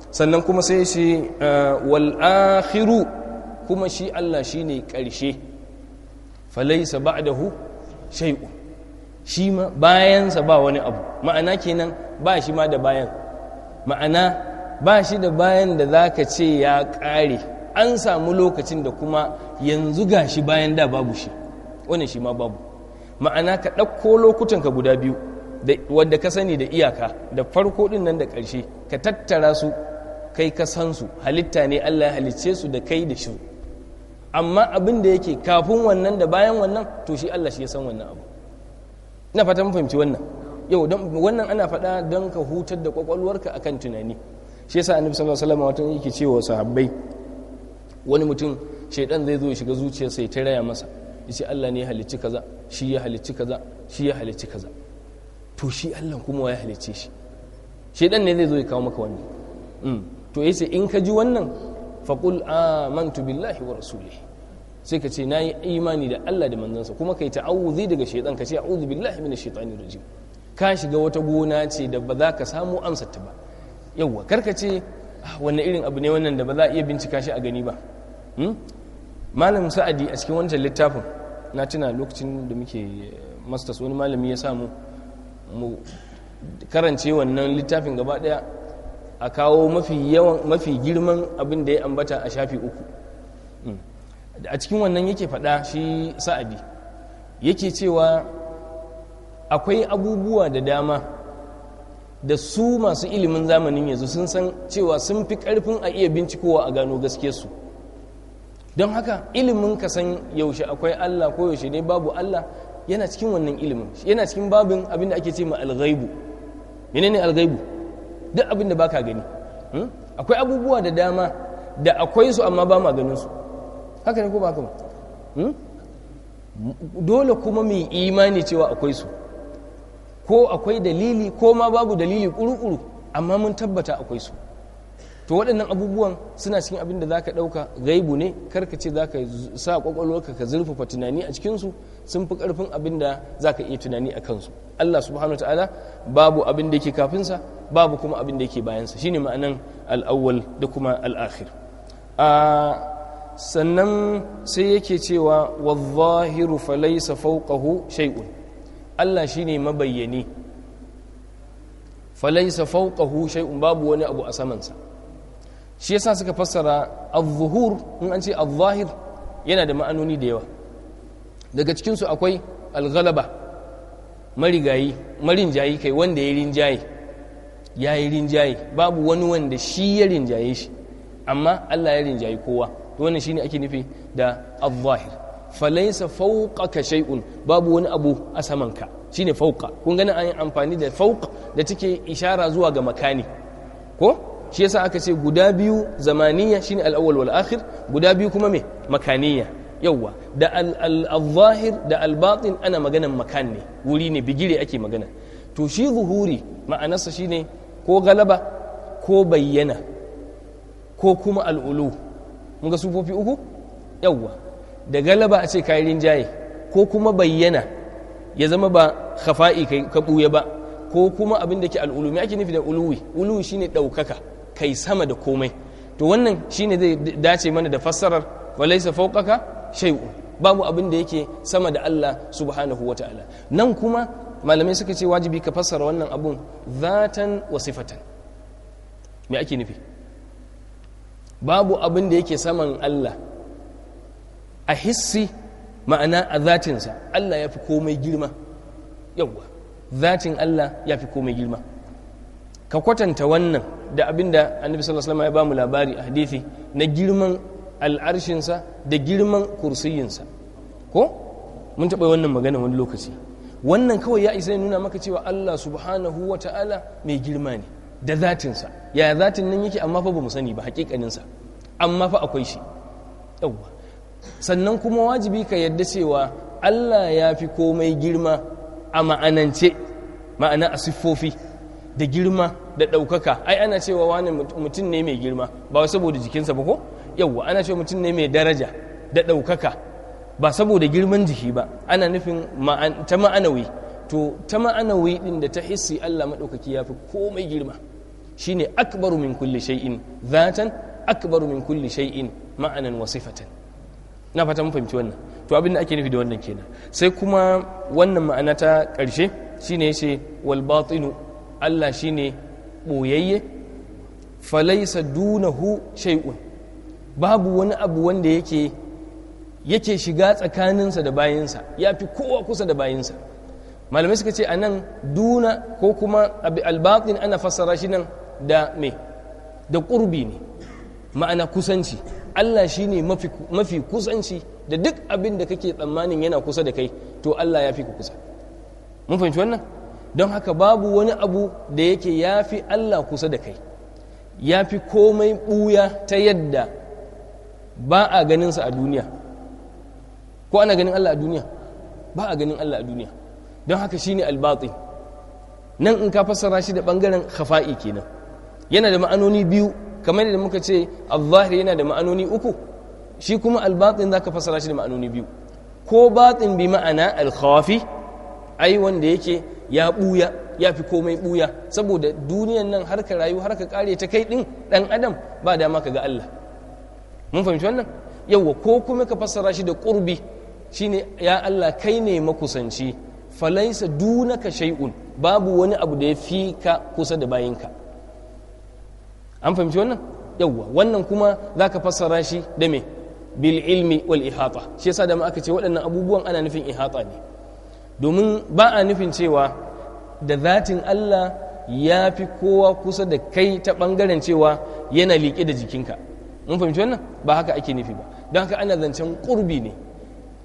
A: sannan kuma sai shi eh, wal akhiru kuma shi Allah shi ne ƙarshe falaisa da hu shaiku. shi ma bayansa ba wani abu ma'ana kenan ba shi ma da bayan ma'ana ba shi da bayan da za ka ce ya ƙare an samu lokacin da kuma yanzu ga shi bayan da babu shi wani shi ma babu ma'ana ka ɗauko lokutanka guda biyu wadda ka sani da iyaka da farko ɗin nan da ƙarshe ka tattara su kai ka san su halitta ne allah ya halicce su da kai da shi amma abin da yake kafin wannan da bayan wannan to shi Allah shi ya san wannan abu ina fata mun fahimci wannan yau don wannan ana faɗa don ka hutar da kwakwalwarka akan tunani shi yasa annabi sallallahu alaihi wasallam yake cewa sahabbai wani mutum shaydan zai zo ya shiga zuciyarsa ya ta raya masa ce Allah ne ya halicci kaza shi ya halicci kaza shi ya halicci kaza to shi Allah kuma ya halicce shi shaydan ne zai zo ya kawo maka wannan mm. to yace in ka ji wannan faƙul amantu billahi wa rasulihi sai ka ce na yi imani da Allah da manzansa kuma ka yi ta'auzi daga shaitan ka ce a'udhu billahi minash shaitani rajim ka shiga wata gona ce da ba za ka samu amsar ta ba yawwa karka ce ah, wannan irin abu ne wannan da ba za a iya bincika shi a gani ba hmm? malam sa'adi a cikin wancan littafin na tuna lokacin da muke eh, masters wani malami ya samu mu karance wannan littafin gaba daya a kawo mafi yawan mafi girman abin da ya ambata a shafi uku hmm. a cikin wannan yake faɗa shi sa'adi yake cewa akwai abubuwa da dama da su masu ilimin zamanin yanzu sun san cewa sun fi ƙarfin a iya bincikowa a gano gaske su don haka ilimin ka san yaushe akwai allah ko yaushe ne babu allah yana cikin wannan ilimin yana cikin babin abin da ake ce ma alghaibu menene alghaibu duk abin da baka gani hmm? akwai abubuwa da dama da akwai su amma ba ma ganin su haka ne ko ba ba hmm? dole kuma mu imani cewa akwai su ko akwai dalili ko ma babu dalili kuru-kuru amma mun tabbata akwai su to waɗannan abubuwan suna cikin abin da za ka ɗauka gaibu ne karka ce za ka sa ƙwaƙwalwarka ka zurfafa tunani a cikinsu sun fi ƙarfin abin da za ka iya tunani a kansu Allah subhanahu wa ta'ala babu abin da yake kafinsa babu kuma abin da yake bayansa shine ma'anan al'awwal da kuma al'akhir sannan sai yake cewa wadhahiru falaisa fawqahu shay'un Allah shine mabayyani falaisa fawqahu shay'un babu wani abu a samansa shi yasa suka fassara adh-dhuhur in an ce adh-dhahir yana da ma'anoni da yawa daga cikinsu akwai algalaba marigayi marinjayi kai wanda ya rinjaye ya yi rinjaye babu wani wanda shi ya rinjaye shi amma Allah ya rinjaye kowa to wannan ne ake nufi da al-zahir falaisa fawqaka shay'un babu wani abu a samanka shine fauka kun gani an yi amfani da fauka da take ishara zuwa ga makani ko shi yasa aka ce guda biyu zamaniya shine ne al'awal wal akhir guda biyu kuma me makaniya yauwa da al-zahir da al-batin ana maganan makan ne wuri ne bigire ake magana to shi zuhuri ma'anarsa shine ko galaba ko bayyana ko kuma al'ulu mun ga sufofi uku yauwa da galaba a ce kayi rinjaye ko kuma bayyana ya zama ba khafa'i ka buya ba ko kuma abin da ke al'ulu me ake nufi da uluwi uluwi shine ɗaukaka kai sama da komai to wannan shine zai dace mana da fassarar walaysa fawqaka shai'u babu abin da yake sama da Allah subhanahu wa ta'ala nan kuma malamai suka ce wajibi ka fassara wannan abun zatan wa sifatan me ake nufi babu abin da yake saman Allah a hissi ma'ana a zatinsa Allah ya fi komai girma yawwa zatin Allah ya fi komai girma ka kwatanta wannan da abin da annabi sallallahu alaihi wasallam ya bamu labari a hadisi na girman al'arshinsa da girman kursiyinsa ko mun taɓa wannan magana wani lokaci wannan kawai ya isa nuna maka cewa Allah subhanahu wa ta'ala mai girma ne da zatinsa ya zatin nan yake amma fa ba mu sani ba haƙiƙaninsa amma fa akwai shi yawwa sannan kuma wajibi ka yadda cewa Allah ya fi komai girma a ma'anance ma'ana a siffofi da girma da ɗaukaka ai ana cewa wani mutum ne mai girma ba saboda jikinsa ba ko yawwa ana ce mutum ne mai daraja da ɗaukaka ba saboda girman jiki ba ana nufin ta ma'anawi to ta ma'anawi din da ta hissi Allah maɗaukaki ya fi komai girma shine akbaru min kulli shay'in zatan akbaru min kulli shay'in ma'anan wa sifatan na fata mun fahimci wannan to abin da ake nufi da wannan kenan sai kuma wannan ma'ana ta ƙarshe shine yace wal batinu Allah shine boyayye falaisa dunahu shay'un babu wani abu wanda yake yake shiga tsakaninsa da bayinsa ya fi kowa kusa da bayinsa malamai suka ce a nan duna ko kuma albatin ana fassara shi nan da me da ƙurbi ne ma'ana kusanci allah shi ne mafi kusanci da duk abin da kake tsammanin yana kusa da kai to allah ya fi ku kusa mun fahimci wannan don haka babu wani abu da yake ya fi allah kusa da kai ya fi komai ɓuya ta yadda ba a sa a duniya ko ana ganin Allah a duniya ba a ganin Allah a duniya don haka shine albatin nan in ka fassara shi da bangaren khafa'i kenan yana da ma'anoni biyu kamar da muka ce al-zahir yana da ma'anoni uku shi kuma albatsi za zaka fassara shi da ma'anoni biyu ko batin bi ma'ana al-khafi ai wanda yake ya buya ya fi komai buya saboda duniyan nan harka rayu harka kare ta kai din dan adam ba dama ka ga Allah mun fahimci wannan yawwa ko kuma ka fassara shi da kurbi shine ya Allah kai ne makusanci falaisa dunaka shay'un babu wani abu da ya fi ka kusa da bayinka an fahimci wannan yawwa wannan kuma zaka fassara shi da me bil ilmi wal ihata shi yasa da mu aka ce waɗannan abubuwan ana nufin ihata ne domin ba a nufin cewa da zatin Allah ya fi kowa kusa da kai ta ɓangaren cewa yana liƙe da jikinka mun fahimci wannan ba haka ake nufi ba don haka ana zancen ƙurbi ne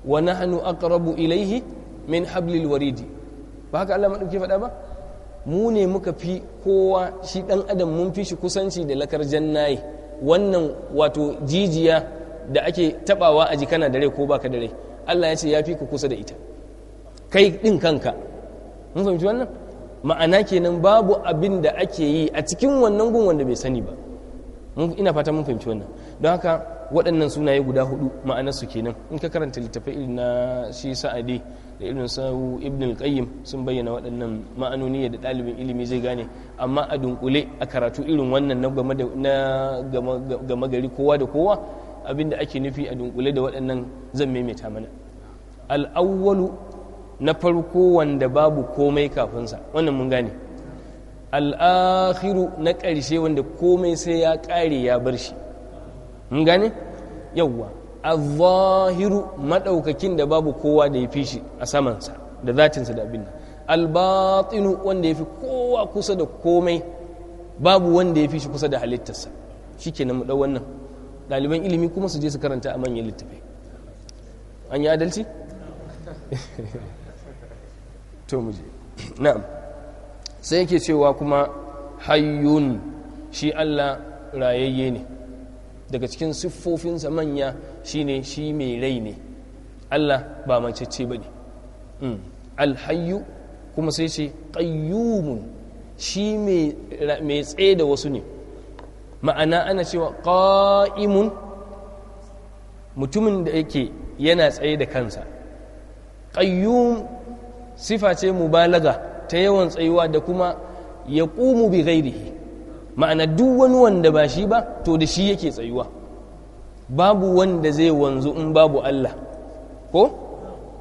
A: wa nahnu aqrabu ilaihi min hablil waridi ba haka Allah madauki faɗa ba mu ne muka fi kowa shi ɗan adam mun fi shi kusanci da lakar jannaye wannan wato jijiya da ake tabawa a jikana da rai ko baka da rai Allah ya ce ya fi ku kusa da ita kai ɗin kanka mun fahimci wannan ma'ana kenan babu abin da ake yi a cikin wannan gun wanda bai sani ba ina fata mun fahimci wannan don haka waɗannan sunaye guda hudu ma'anarsu kenan in ka karanta littafai irin na shi sa'adi da irin sa'u ibn al sun bayyana waɗannan ma'anoni da ɗalibin ilimi zai gane amma a dunkule a karatu irin wannan na gama gari kowa da kowa abinda ake nufi a dunkule da waɗannan zan maimaita mana al'awwalu na farko wanda babu komai kafinsa wannan mun gane al'akhiru na ƙarshe wanda komai sai ya ƙare ya bar shi mun gane yawwa al maɗaukakin da babu kowa da ya fi shi a samansa da zatinsa da abin al-batinu wanda ya fi kowa kusa da komai babu wanda ya fi shi kusa da halittarsa shi ke mu ɗau wannan ɗaliban ilimi kuma su je su karanta a manyan littafi an yi adalci to mu na'am sai yake cewa kuma hayyun shi Allah rayayye ne daga cikin siffofinsa manya ne shi mai rai ne Allah ba ce ba ne mm. alhayyu kuma sai ce ƙayyumun shi mai tsaye da wasu ne ma'ana ana cewa ƙa'imun mutumin da yake yana tsaye da kansa ƙayyum sifa ce mubalaga ta yawan tsayuwa da kuma ya ƙumu bi ghairihi ma'ana duk wani wanda ba shi ba to da shi yake tsayuwa babu wanda zai wanzu in babu Allah ko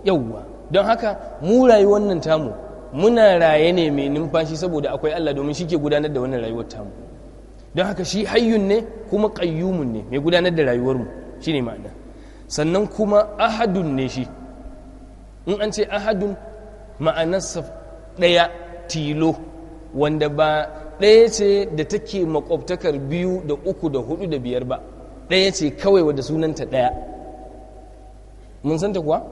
A: yawwa don haka mu rayuwar nan tamu muna raye ne mai numfashi saboda akwai Allah domin shi ke gudanar da wannan rayuwar tamu don haka shi hayyun ne kuma ƙayyumun ne mai gudanar da rayuwarmu shi ne ma'ana sannan kuma ahadun ne shi in an ce ahadun ma'anarsa ɗaya tilo wanda ba ɗaya ce da take makwabtakar biyu da uku da hudu da biyar ba ɗaya ce kawai wadda sunanta ɗaya mun santa kuwa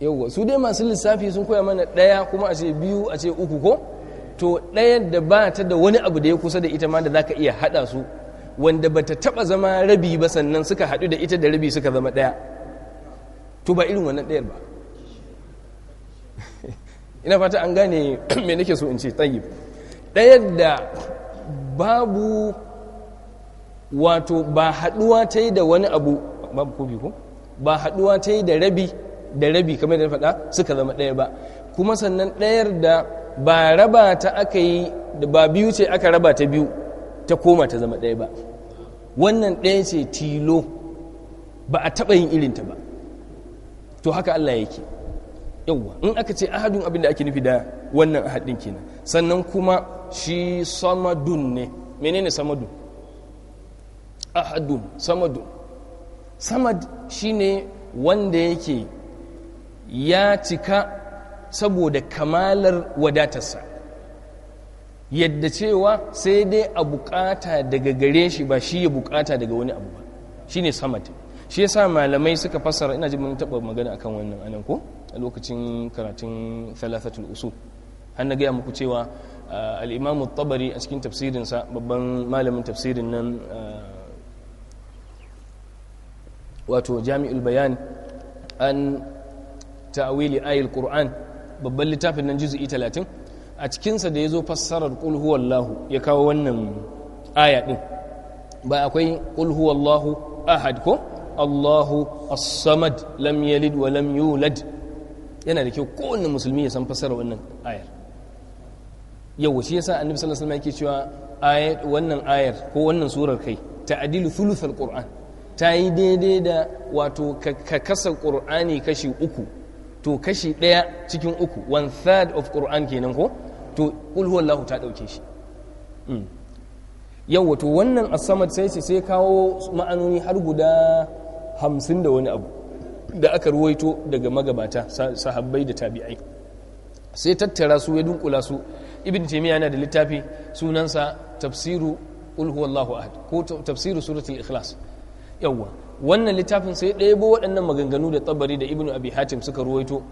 A: yauwa su dai masu lissafi sun koya mana ɗaya kuma a ce biyu a ce uku ko to ɗaya da ba ta da wani abu da ya kusa da ita ma da za ka iya haɗa su wanda ba ta taɓa zama rabi ba sannan suka haɗu da ita da rabi suka zama ɗaya to ba irin wannan ɗayar ba ina fata an gane me nake so in ce tayyib ɗaya da babu wato ba haɗuwa ta yi da wani abu babu ko ba haɗuwa ta yi da rabi da rabi kamar da faɗa suka zama ɗaya ba kuma sannan ɗayar da ba raba ta aka yi ba biyu ce aka raba ta biyu ta koma ta zama ɗaya ba wannan ɗaya ce tilo ba a taɓa yin irinta ba to haka Allah yake yawwa in aka ce ahadun abin da ake nufi da wannan ahadin kenan sannan kuma shi samadun ne menene samadun ahadun samadun samad shine wanda yake ya cika saboda kamalar wadatarsa yadda cewa sai dai a bukata daga gare shi ba shi ya bukata daga wani abu ba shine samad shi yasa malamai suka fassara ina ji mun taba magana akan wannan anan ko a lokacin karatun thalathatul usul har na gaya muku cewa uh, al'imamu tabari a cikin tafsirinsa babban malamin tafsirin nan uh, wato jami'ul bayan an ta'awili ayil qur'an babban littafin nan juz'i talatin a cikinsa da ya zo fassarar qul ya kawo wannan aya din ba akwai qul ahad ko allahu as-samad lam yalid wa lam yulad yana da kyau kowane musulmi ya san fasara wannan ayar yau shi yasa annabi sallallahu alaihi wasallam yake cewa ayat wannan ayar ko wannan surar kai ta'dilu thuluthal qur'an ta yi daidai da wato ka kasa qur'ani kashi uku to kashi ɗaya cikin uku one third of qur'an kenan ko to qul huwallahu ta dauke shi hmm. yau wato wannan asamad sai sai kawo ma'anoni har guda hamsin da wani abu da aka ruwaito daga magabata sahabbai da tabi'ai sai tattara su ya dunkula su ibn taymiya yana da littafi sunansa tafsiru qul huwallahu ahad ko tafsiru suratul ikhlas yawwa wannan littafin sai bo waɗannan maganganu da tsabari da ibn abi hatim suka ruwaito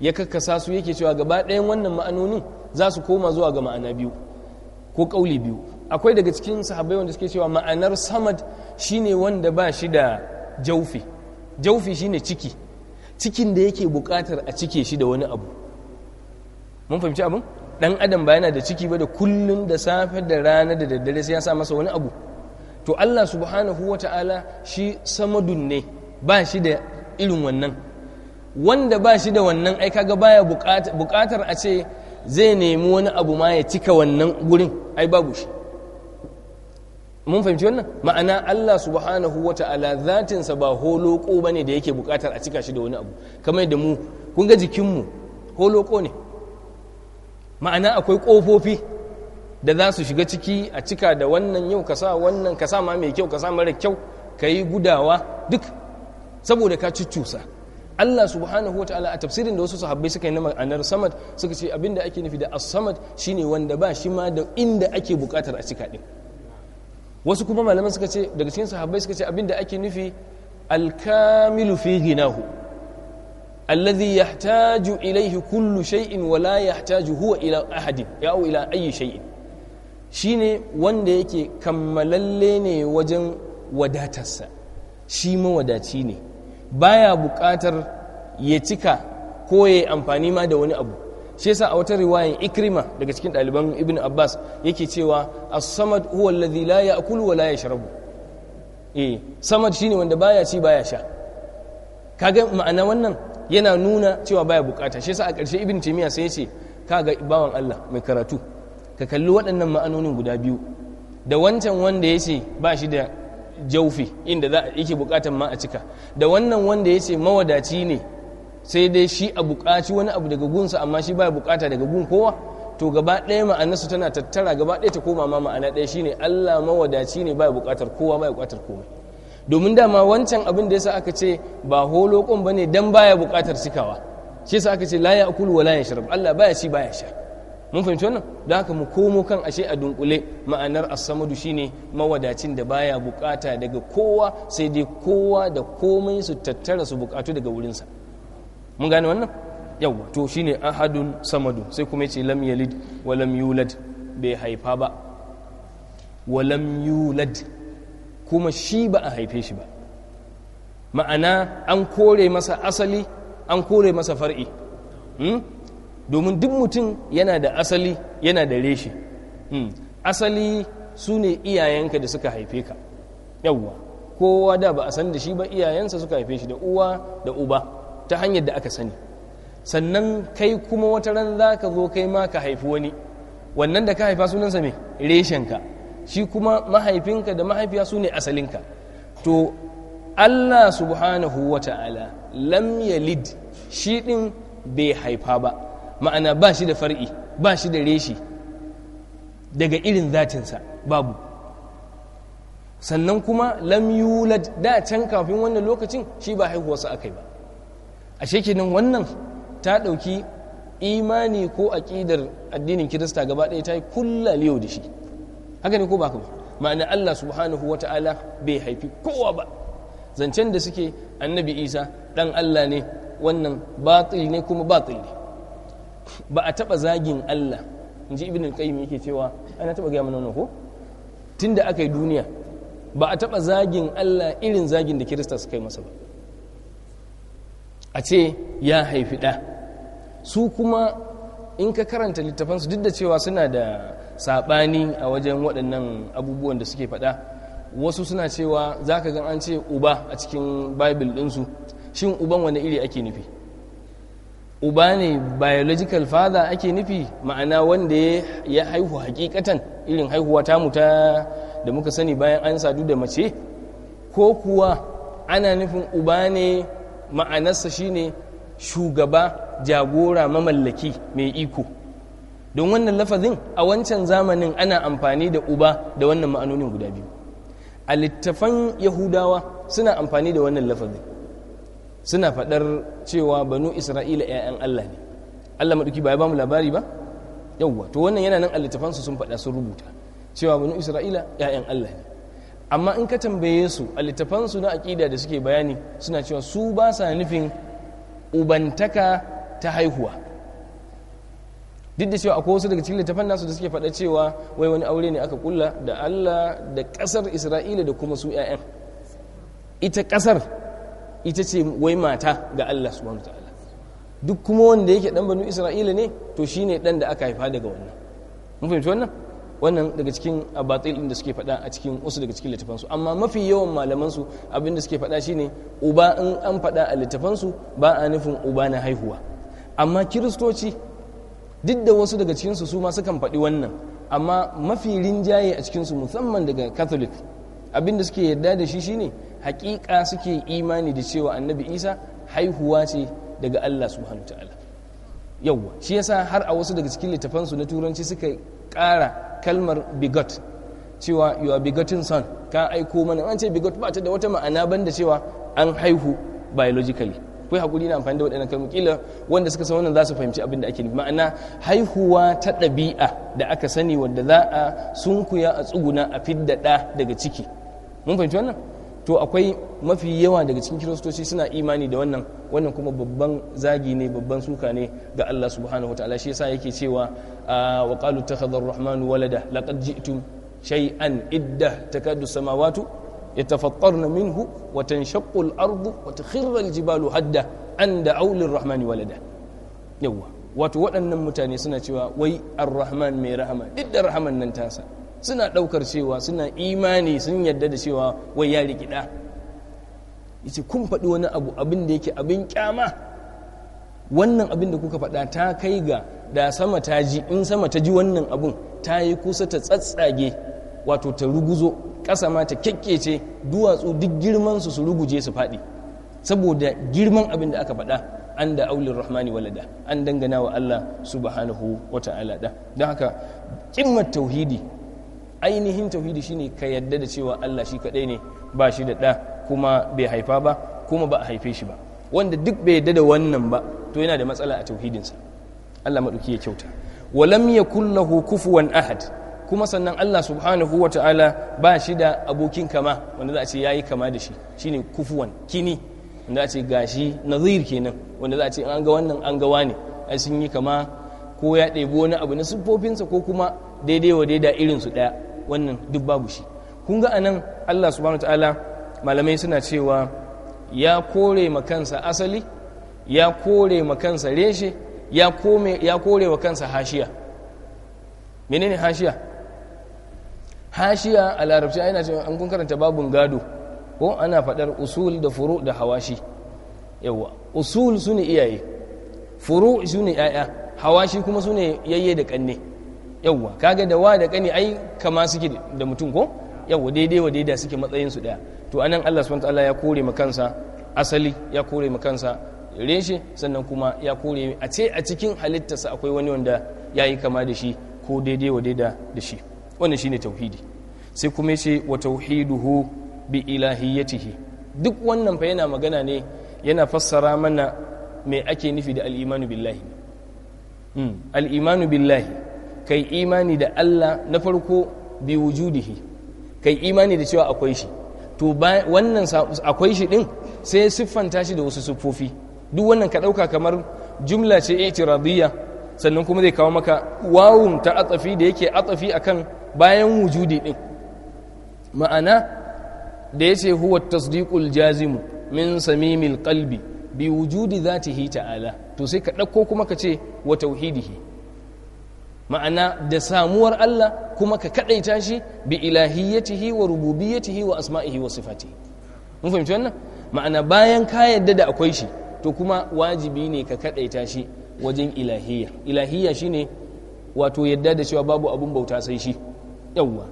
A: ya kakkasa su yake cewa gaba ɗayan wannan ma'anonin za su koma zuwa ga ma'ana biyu ko ƙauli biyu akwai daga cikin sahabbai wanda suke cewa ma'anar samad shine wanda ba shi da jaufi jaufi shine ciki cikin da yake buƙatar a cike shi da wani abu mun fahimci abin dan adam ba yana da ciki ba da kullum da safe da rana da daddare sai ya sa masa wani abu to Allah subhanahu wa ta'ala shi samadun ne ba shi da irin wannan wanda ba shi da wannan ai kaga baya bukatar a ce zai nemi wani abu ma ya cika wannan gurin ai babu shi mun fahimci wannan ma'ana Allah subhanahu wa ta'ala zatinsa ba holoko bane da yake bukatar a cika shi da wani abu kamar da mu kun ga jikinmu holoko ne ma'ana akwai kofofi da za su shiga ciki a cika da wannan yau ka sa wannan ka sa ma mai kyau ka sa mara kyau ka yi gudawa duk saboda ka cucusa Allah subhanahu wa ta'ala a tafsirin da wasu sahabbai suka yi na ma'anar samad suka ce abinda ake nufi da as-samad shine wanda ba shi ma da inda ake bukatar a cika din wasu kuma malaman suka ce daga cikin sahabbai suka ce abinda ake nufi alkamilu fi ginahu alladhi yahtaju ilayhi kullu shay'in wa la yahtaju huwa ila ahadin ya au ila ayi shay'in shine wanda yake kammalalle ne wajen wadatarsa shi mawadaci ne baya bukatar ya cika ko amfani ma da wani abu shi yasa a wata riwayan ikrima daga cikin ɗaliban ibn abbas yake cewa as-samad huwa alladhi la ya'kulu wa la yashrabu eh samad shine wanda baya ci baya sha ka ga ma'ana wannan yana nuna cewa baya bukata shi yasa a ƙarshe ibn taymiya sai ya ce kaga bawan Allah mai karatu ka kalli waɗannan ma'anonin guda biyu da wancan wanda ya ce ba shi da jaufi inda za a yake bukatan ma a cika da wannan wanda ya ce mawadaci ne sai dai shi a buƙaci wani abu daga gunsa amma shi baya buƙata daga gun kowa to gaba ɗaya ma'anarsu tana tattara gaba ɗaya ta koma ma ma'ana ɗaya shine Allah mawadaci ne ya buƙatar kowa ya buƙatar komai domin dama wancan abin da ya sa aka ce ba holo ne ne dan baya buƙatar cikawa shi yasa aka ce la kulu wa la yashrab Allah baya ci baya sha mun fahimci wannan don haka mu komo kan ashe a dunkule ma'anar asamadu shine mawadacin da baya bukata daga kowa sai dai kowa da komai su tattara su bukatu daga wurinsa mun gane wannan yau to shine ahadun samadu sai kuma yace lam yalid wa lam yulad bai haifa ba wa lam yulad kuma shi ba a haife shi ba ma'ana an kore masa asali an kore masa far'i hmm? domin duk mutum yana da asali yana da reshe hmm? asali su ne iyayenka da suka haife ka yauwa kowa da ba a san da shi ba iyayensa suka haife shi da uwa da uba ta hanyar da aka sani sannan kai kuma wata ran za ka zo kai ma ka haifi wani wannan da ka haifa sunansa me ka shi kuma mahaifinka da mahaifiya su ne asalinka to allah subhanahu wa ta'ala lam yalid shi ɗin bai haifa ba ma'ana ba shi da far'i ba shi da reshi daga irin zatinsa babu sannan kuma lam yulad da can kafin wannan lokacin shi ba haihuwarsa aka yi ba a shekinin wannan ta ɗauki imani ko aƙidar addinin kirista gaba ɗaya ta yi kullaliyo da shi haka ne ko ba ba ma'ana allah subhanahu wa ta'ala bai haifi kowa ba zancen da suke annabi isa ɗan allah ne wannan batil ne kuma batil ne ba a taɓa zagin allah in ji ibn al-qayyim yake cewa ana taɓa gaya mana wannan ko tunda aka yi duniya ba a taɓa zagin allah irin zagin da kirista suka yi masa ba a ce ya haifi ɗa su kuma in ka karanta littafansu duk da cewa suna da saɓani a wajen waɗannan abubuwan da suke faɗa wasu suna cewa za ka gan an ce uba a cikin bible ɗinsu shin uban wani iri ake nufi uba ne biological father ake nufi ma'ana wanda ya haihu hakikatan irin haihuwa tamu ta da muka sani bayan an sadu da mace ko kuwa ana nufin uba ne ma'anarsa shine shugaba jagora mamallaki mai iko don wannan lafazin a wancan zamanin ana amfani da uba da wannan ma'anonin guda biyu a littafan yahudawa suna amfani da wannan lafazin suna faɗar cewa banu isra'ila 'ya'yan allah ne allah maɗuki ba ya ba mu labari ba yawwa to wannan yana nan a littafansu sun faɗa sun rubuta cewa banu isra'ila 'ya'yan allah ne amma in ka tambaye su a littafansu na aƙida da suke bayani suna cewa su ba sa nufin ubantaka ta haihuwa duk da cewa akwai wasu daga cikin littafan nasu da suke faɗa cewa wai wani aure ne aka kulla da allah da ƙasar isra'ila da kuma su 'ya'yan ita ƙasar ita ce wai mata ga allah subhanahu ta'ala duk kuma wanda yake dan banu isra'ila ne to shine dan da aka haifa daga wannan mun fahimci wannan wannan daga cikin abatil din da suke faɗa a cikin wasu daga cikin littafansu amma mafi yawan malamansu abin da suke faɗa shine uba in an fada a littafansu ba a nufin uba na haihuwa amma kiristoci duk da wasu daga cikin su su ma sukan faɗi wannan amma mafi rinjaye a cikin su musamman daga catholic abin da suke yarda da shi shine haƙiƙa suke imani da cewa annabi isa haihuwa ce daga allah subhanahu ta'ala yawwa shi yasa har a wasu daga cikin littafansu na turanci suka ƙara kalmar bigot cewa you are son ka aiko mana an ce bigot ba ta da wata ma'ana ban da cewa an haihu biologically kai hakuri na amfani da waɗannan kalmar kila wanda suka san wannan za su fahimci abin da ake nufi ma'ana haihuwa ta ɗabi'a da aka sani wanda za a sunkuya a tsuguna a fidda ɗa daga ciki mun fahimci wannan to akwai mafi yawa daga cikin kiristoci suna imani da wannan wannan kuma babban zagi ne babban suka ne ga Allah subhanahu wataala shi yasa yake cewa ah, wa qalu takhadha ar-rahmanu walada laqad ji'tum shay'an idda takadu samawati yatafattarna minhu wa tanshaqqu al-ardu wa takhirru al-jibalu hadda an da'u lir-rahmani walada yawa wato waɗannan mutane suna cewa wai ar-rahman mai rahama idda rahaman nan tasa suna ɗaukar cewa suna imani sun yarda da cewa wai ya rikida ce kun faɗi wani abu abin da yake abin kyama wannan abin da kuka faɗa ta kai ga da sama ta ji in sama ta ji wannan abun ta yi kusa ta tsatsage wato ta ruguzo ƙasa ma ta kyakkece duwatsu duk girmansu su ruguje su faɗi saboda girman abin da aka faɗa an da aulin rahmani walada an dangana wa Allah subhanahu wa ta'ala da haka ƙimmar tauhidi ainihin tauhidi shine ka yadda da cewa Allah shi kadai ne ba shi da ɗa kuma bai haifa ba kuma ba a haife shi ba wanda duk bai yadda da wannan ba to yana da matsala a tauhidinsa Allah maɗauki ya kyauta lam yakul lahu kufuwan ahad kuma sannan Allah subhanahu wa ta'ala ba shi da abokin kama wanda za a ce ya yi kama da shi shine kufuwan kini wanda za a ce gashi nazir kenan wanda za a ce an ga wannan an ga ne ai sun yi kama ko ya ɗebi wani abu na siffofinsa ko kuma daidai wa daida irinsu ɗaya wannan duk babu shi kun ga anan Allah subhanahu ta'ala malamai suna cewa ya kore ma kansa asali ya kore ma kansa reshe ya kome ya kore wa kansa hashiya menene hashiya hashiya a larabci ana cewa an kun karanta babun gado ko ana faɗar usul da furu da hawashi yawa usul su iyaye furu su 'ya'ya hawashi kuma sune yayye da kanne. yawwa kaga da wa da kani ai kama suke da mutum ko yawwa daidai wa daidai suke matsayin su daya to anan Allah subhanahu wataala ya kore mu kansa asali ya kore mu kansa reshe sannan kuma ya kore a ce a cikin halittarsa akwai wani wanda ya yi kama da shi ko daidai wa daidai da shi wannan shine tauhidi sai kuma yace wa tauhiduhu bi ilahiyatihi duk wannan fa yana magana ne yana fassara mana me ake nufi da al'imanu billahi hmm, al'imanu billahi kai imani da Allah na farko bi wujudihi kai imani da cewa akwai shi to wannan akwai shi din sai siffanta shi da wasu siffofi duk wannan ka ɗauka kamar jumla ce itiradiyya sannan kuma zai kawo maka wawun ta atsafi da yake atsafi akan bayan wujudi din ma'ana da yace huwa tasdiqul jazimu min samimil qalbi bi wujudi zatihi ta'ala to sai ka ɗauko kuma ka ce wa tauhidihi ma'ana da samuwar Allah kuma ka kaɗaita shi bi ilahiyyatihi wa rububiyyatihi wa asma'ihi wa sifati, mun fahimci wannan ma'ana bayan ka yadda da akwai shi to kuma wajibi ne ka kaɗaita shi wajen ilahiyya ilahiyya shine wato yadda da cewa babu abun bauta sai shi yawwa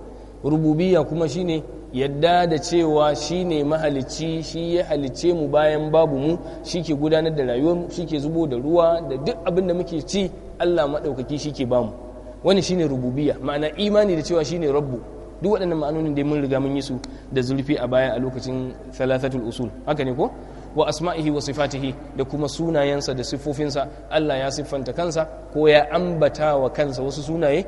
A: rububiyya kuma shine yadda da cewa shine mahalicci shi ya halicce mu bayan babu mu shi ke gudanar da rayuwar shi ke zubo da ruwa da duk abin da muke ci allah maɗaukaki shi ke bamu wani shine rububiya ma'ana imani da cewa shine rabbu duk waɗannan ma'anonin dai mun riga mun yi su da zurfi a baya a lokacin thalathatul usul haka ne ko wa asma'ihi wa sifatihi da kuma sunayensa da siffofinsa Allah ya siffanta kansa ko ya ambata wa kansa wasu sunaye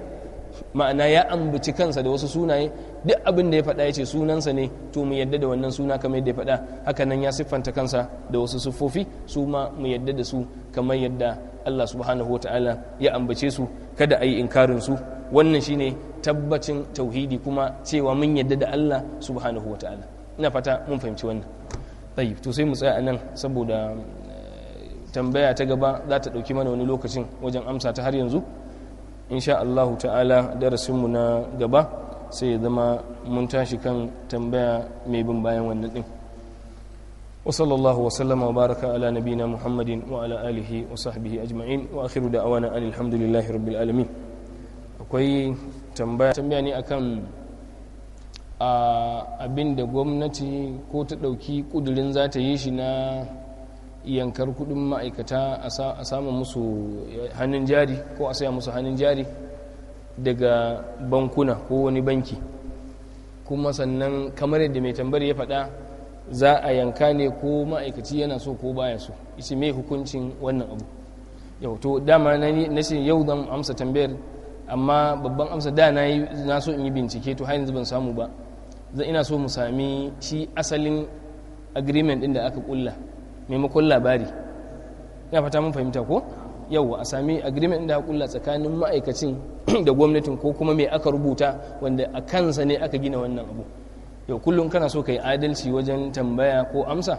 A: ma'ana ya ambaci kansa da wasu sunaye duk abin da ya faɗa ya ce sunansa ne to mu yadda da wannan suna kamar yadda ya faɗa haka nan ya siffanta kansa da wasu siffofi su ma mu yadda da su kamar yadda Allah subhanahu ta'ala ya ambace su kada a yi inkarin su wannan shine tabbacin tauhidi kuma cewa mun yadda da Allah subhanahu ta'ala ina fata mun fahimci wannan tayyib to sai mu tsaya anan saboda eh, tambaya ta gaba za ta ɗauki mana wani lokacin wajen amsa ta har yanzu insha Allahu ta'ala darasinmu na gaba sai ya zama mun tashi kan tambaya mai bin bayan wannan din wa sallallahu wa sallama wa baraka ala nabina muhammadin wa ala alihi wa sahbihi ajma'in wa akhiru awana alhamdulillahi rabbil alamin akwai tambaya tambaya ne akan ah, abin da gwamnati ko ta ɗauki ƙudurin za ta yi shi na yankar kudin ma'aikata a samun musu hannun jari ko a saya musu hannun jari daga bankuna ko wani banki kuma sannan kamar yadda mai tambari ya faɗa za a yanka ne ko ma'aikaci yana so ko baya so isi mai hukuncin wannan abu yau to dama na shi yau zan amsa tambayar amma babban amsa da na na so in yi bincike to har ban samu ba zan ina so mu sami shi asalin agreement din da aka kulla maimakon labari ya fata mun fahimta ko yau a sami agreement da hakulla tsakanin ma'aikacin da gwamnatin ko kuma mai aka rubuta wanda a kansa ne aka gina wannan abu yau kullum kana so ka yi adalci wajen tambaya ko amsa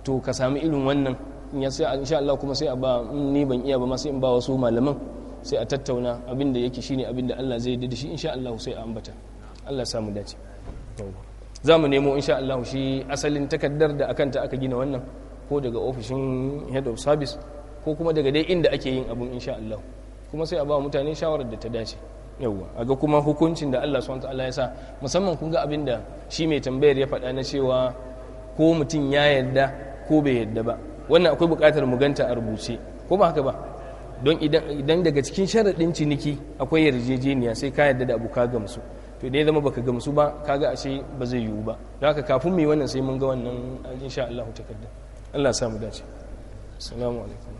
A: to ka sami irin wannan in sha Allah kuma sai a ba ni ban iya ba ma sai in ba wasu malaman sai a tattauna abin da yake shine abin da Allah zai da shi insha Allah sai a ambata Allah ya samu dace za mu nemo insha Allah shi asalin takaddar da akanta aka gina wannan ko daga ofishin head of service ko kuma daga dai inda ake yin abun insha Allah kuma sai a ba mutane shawarar da ta dace yawwa a ga kuma hukuncin da Allah subhanahu ta'ala ya sa musamman kun ga abin da shi mai tambayar ya faɗa na cewa ko mutum ya yarda ko bai yarda ba wannan akwai buƙatar mu ganta a rubuce ko ba haka ba don idan daga cikin sharaɗin ciniki akwai yarjejeniya sai ka yarda da abu ka gamsu to dai ya zama baka gamsu ba kaga ashe ba zai yiwu ba don haka kafin mu yi wannan sai mun ga wannan insha Allah takarda Allah samu dace assalamu alaikum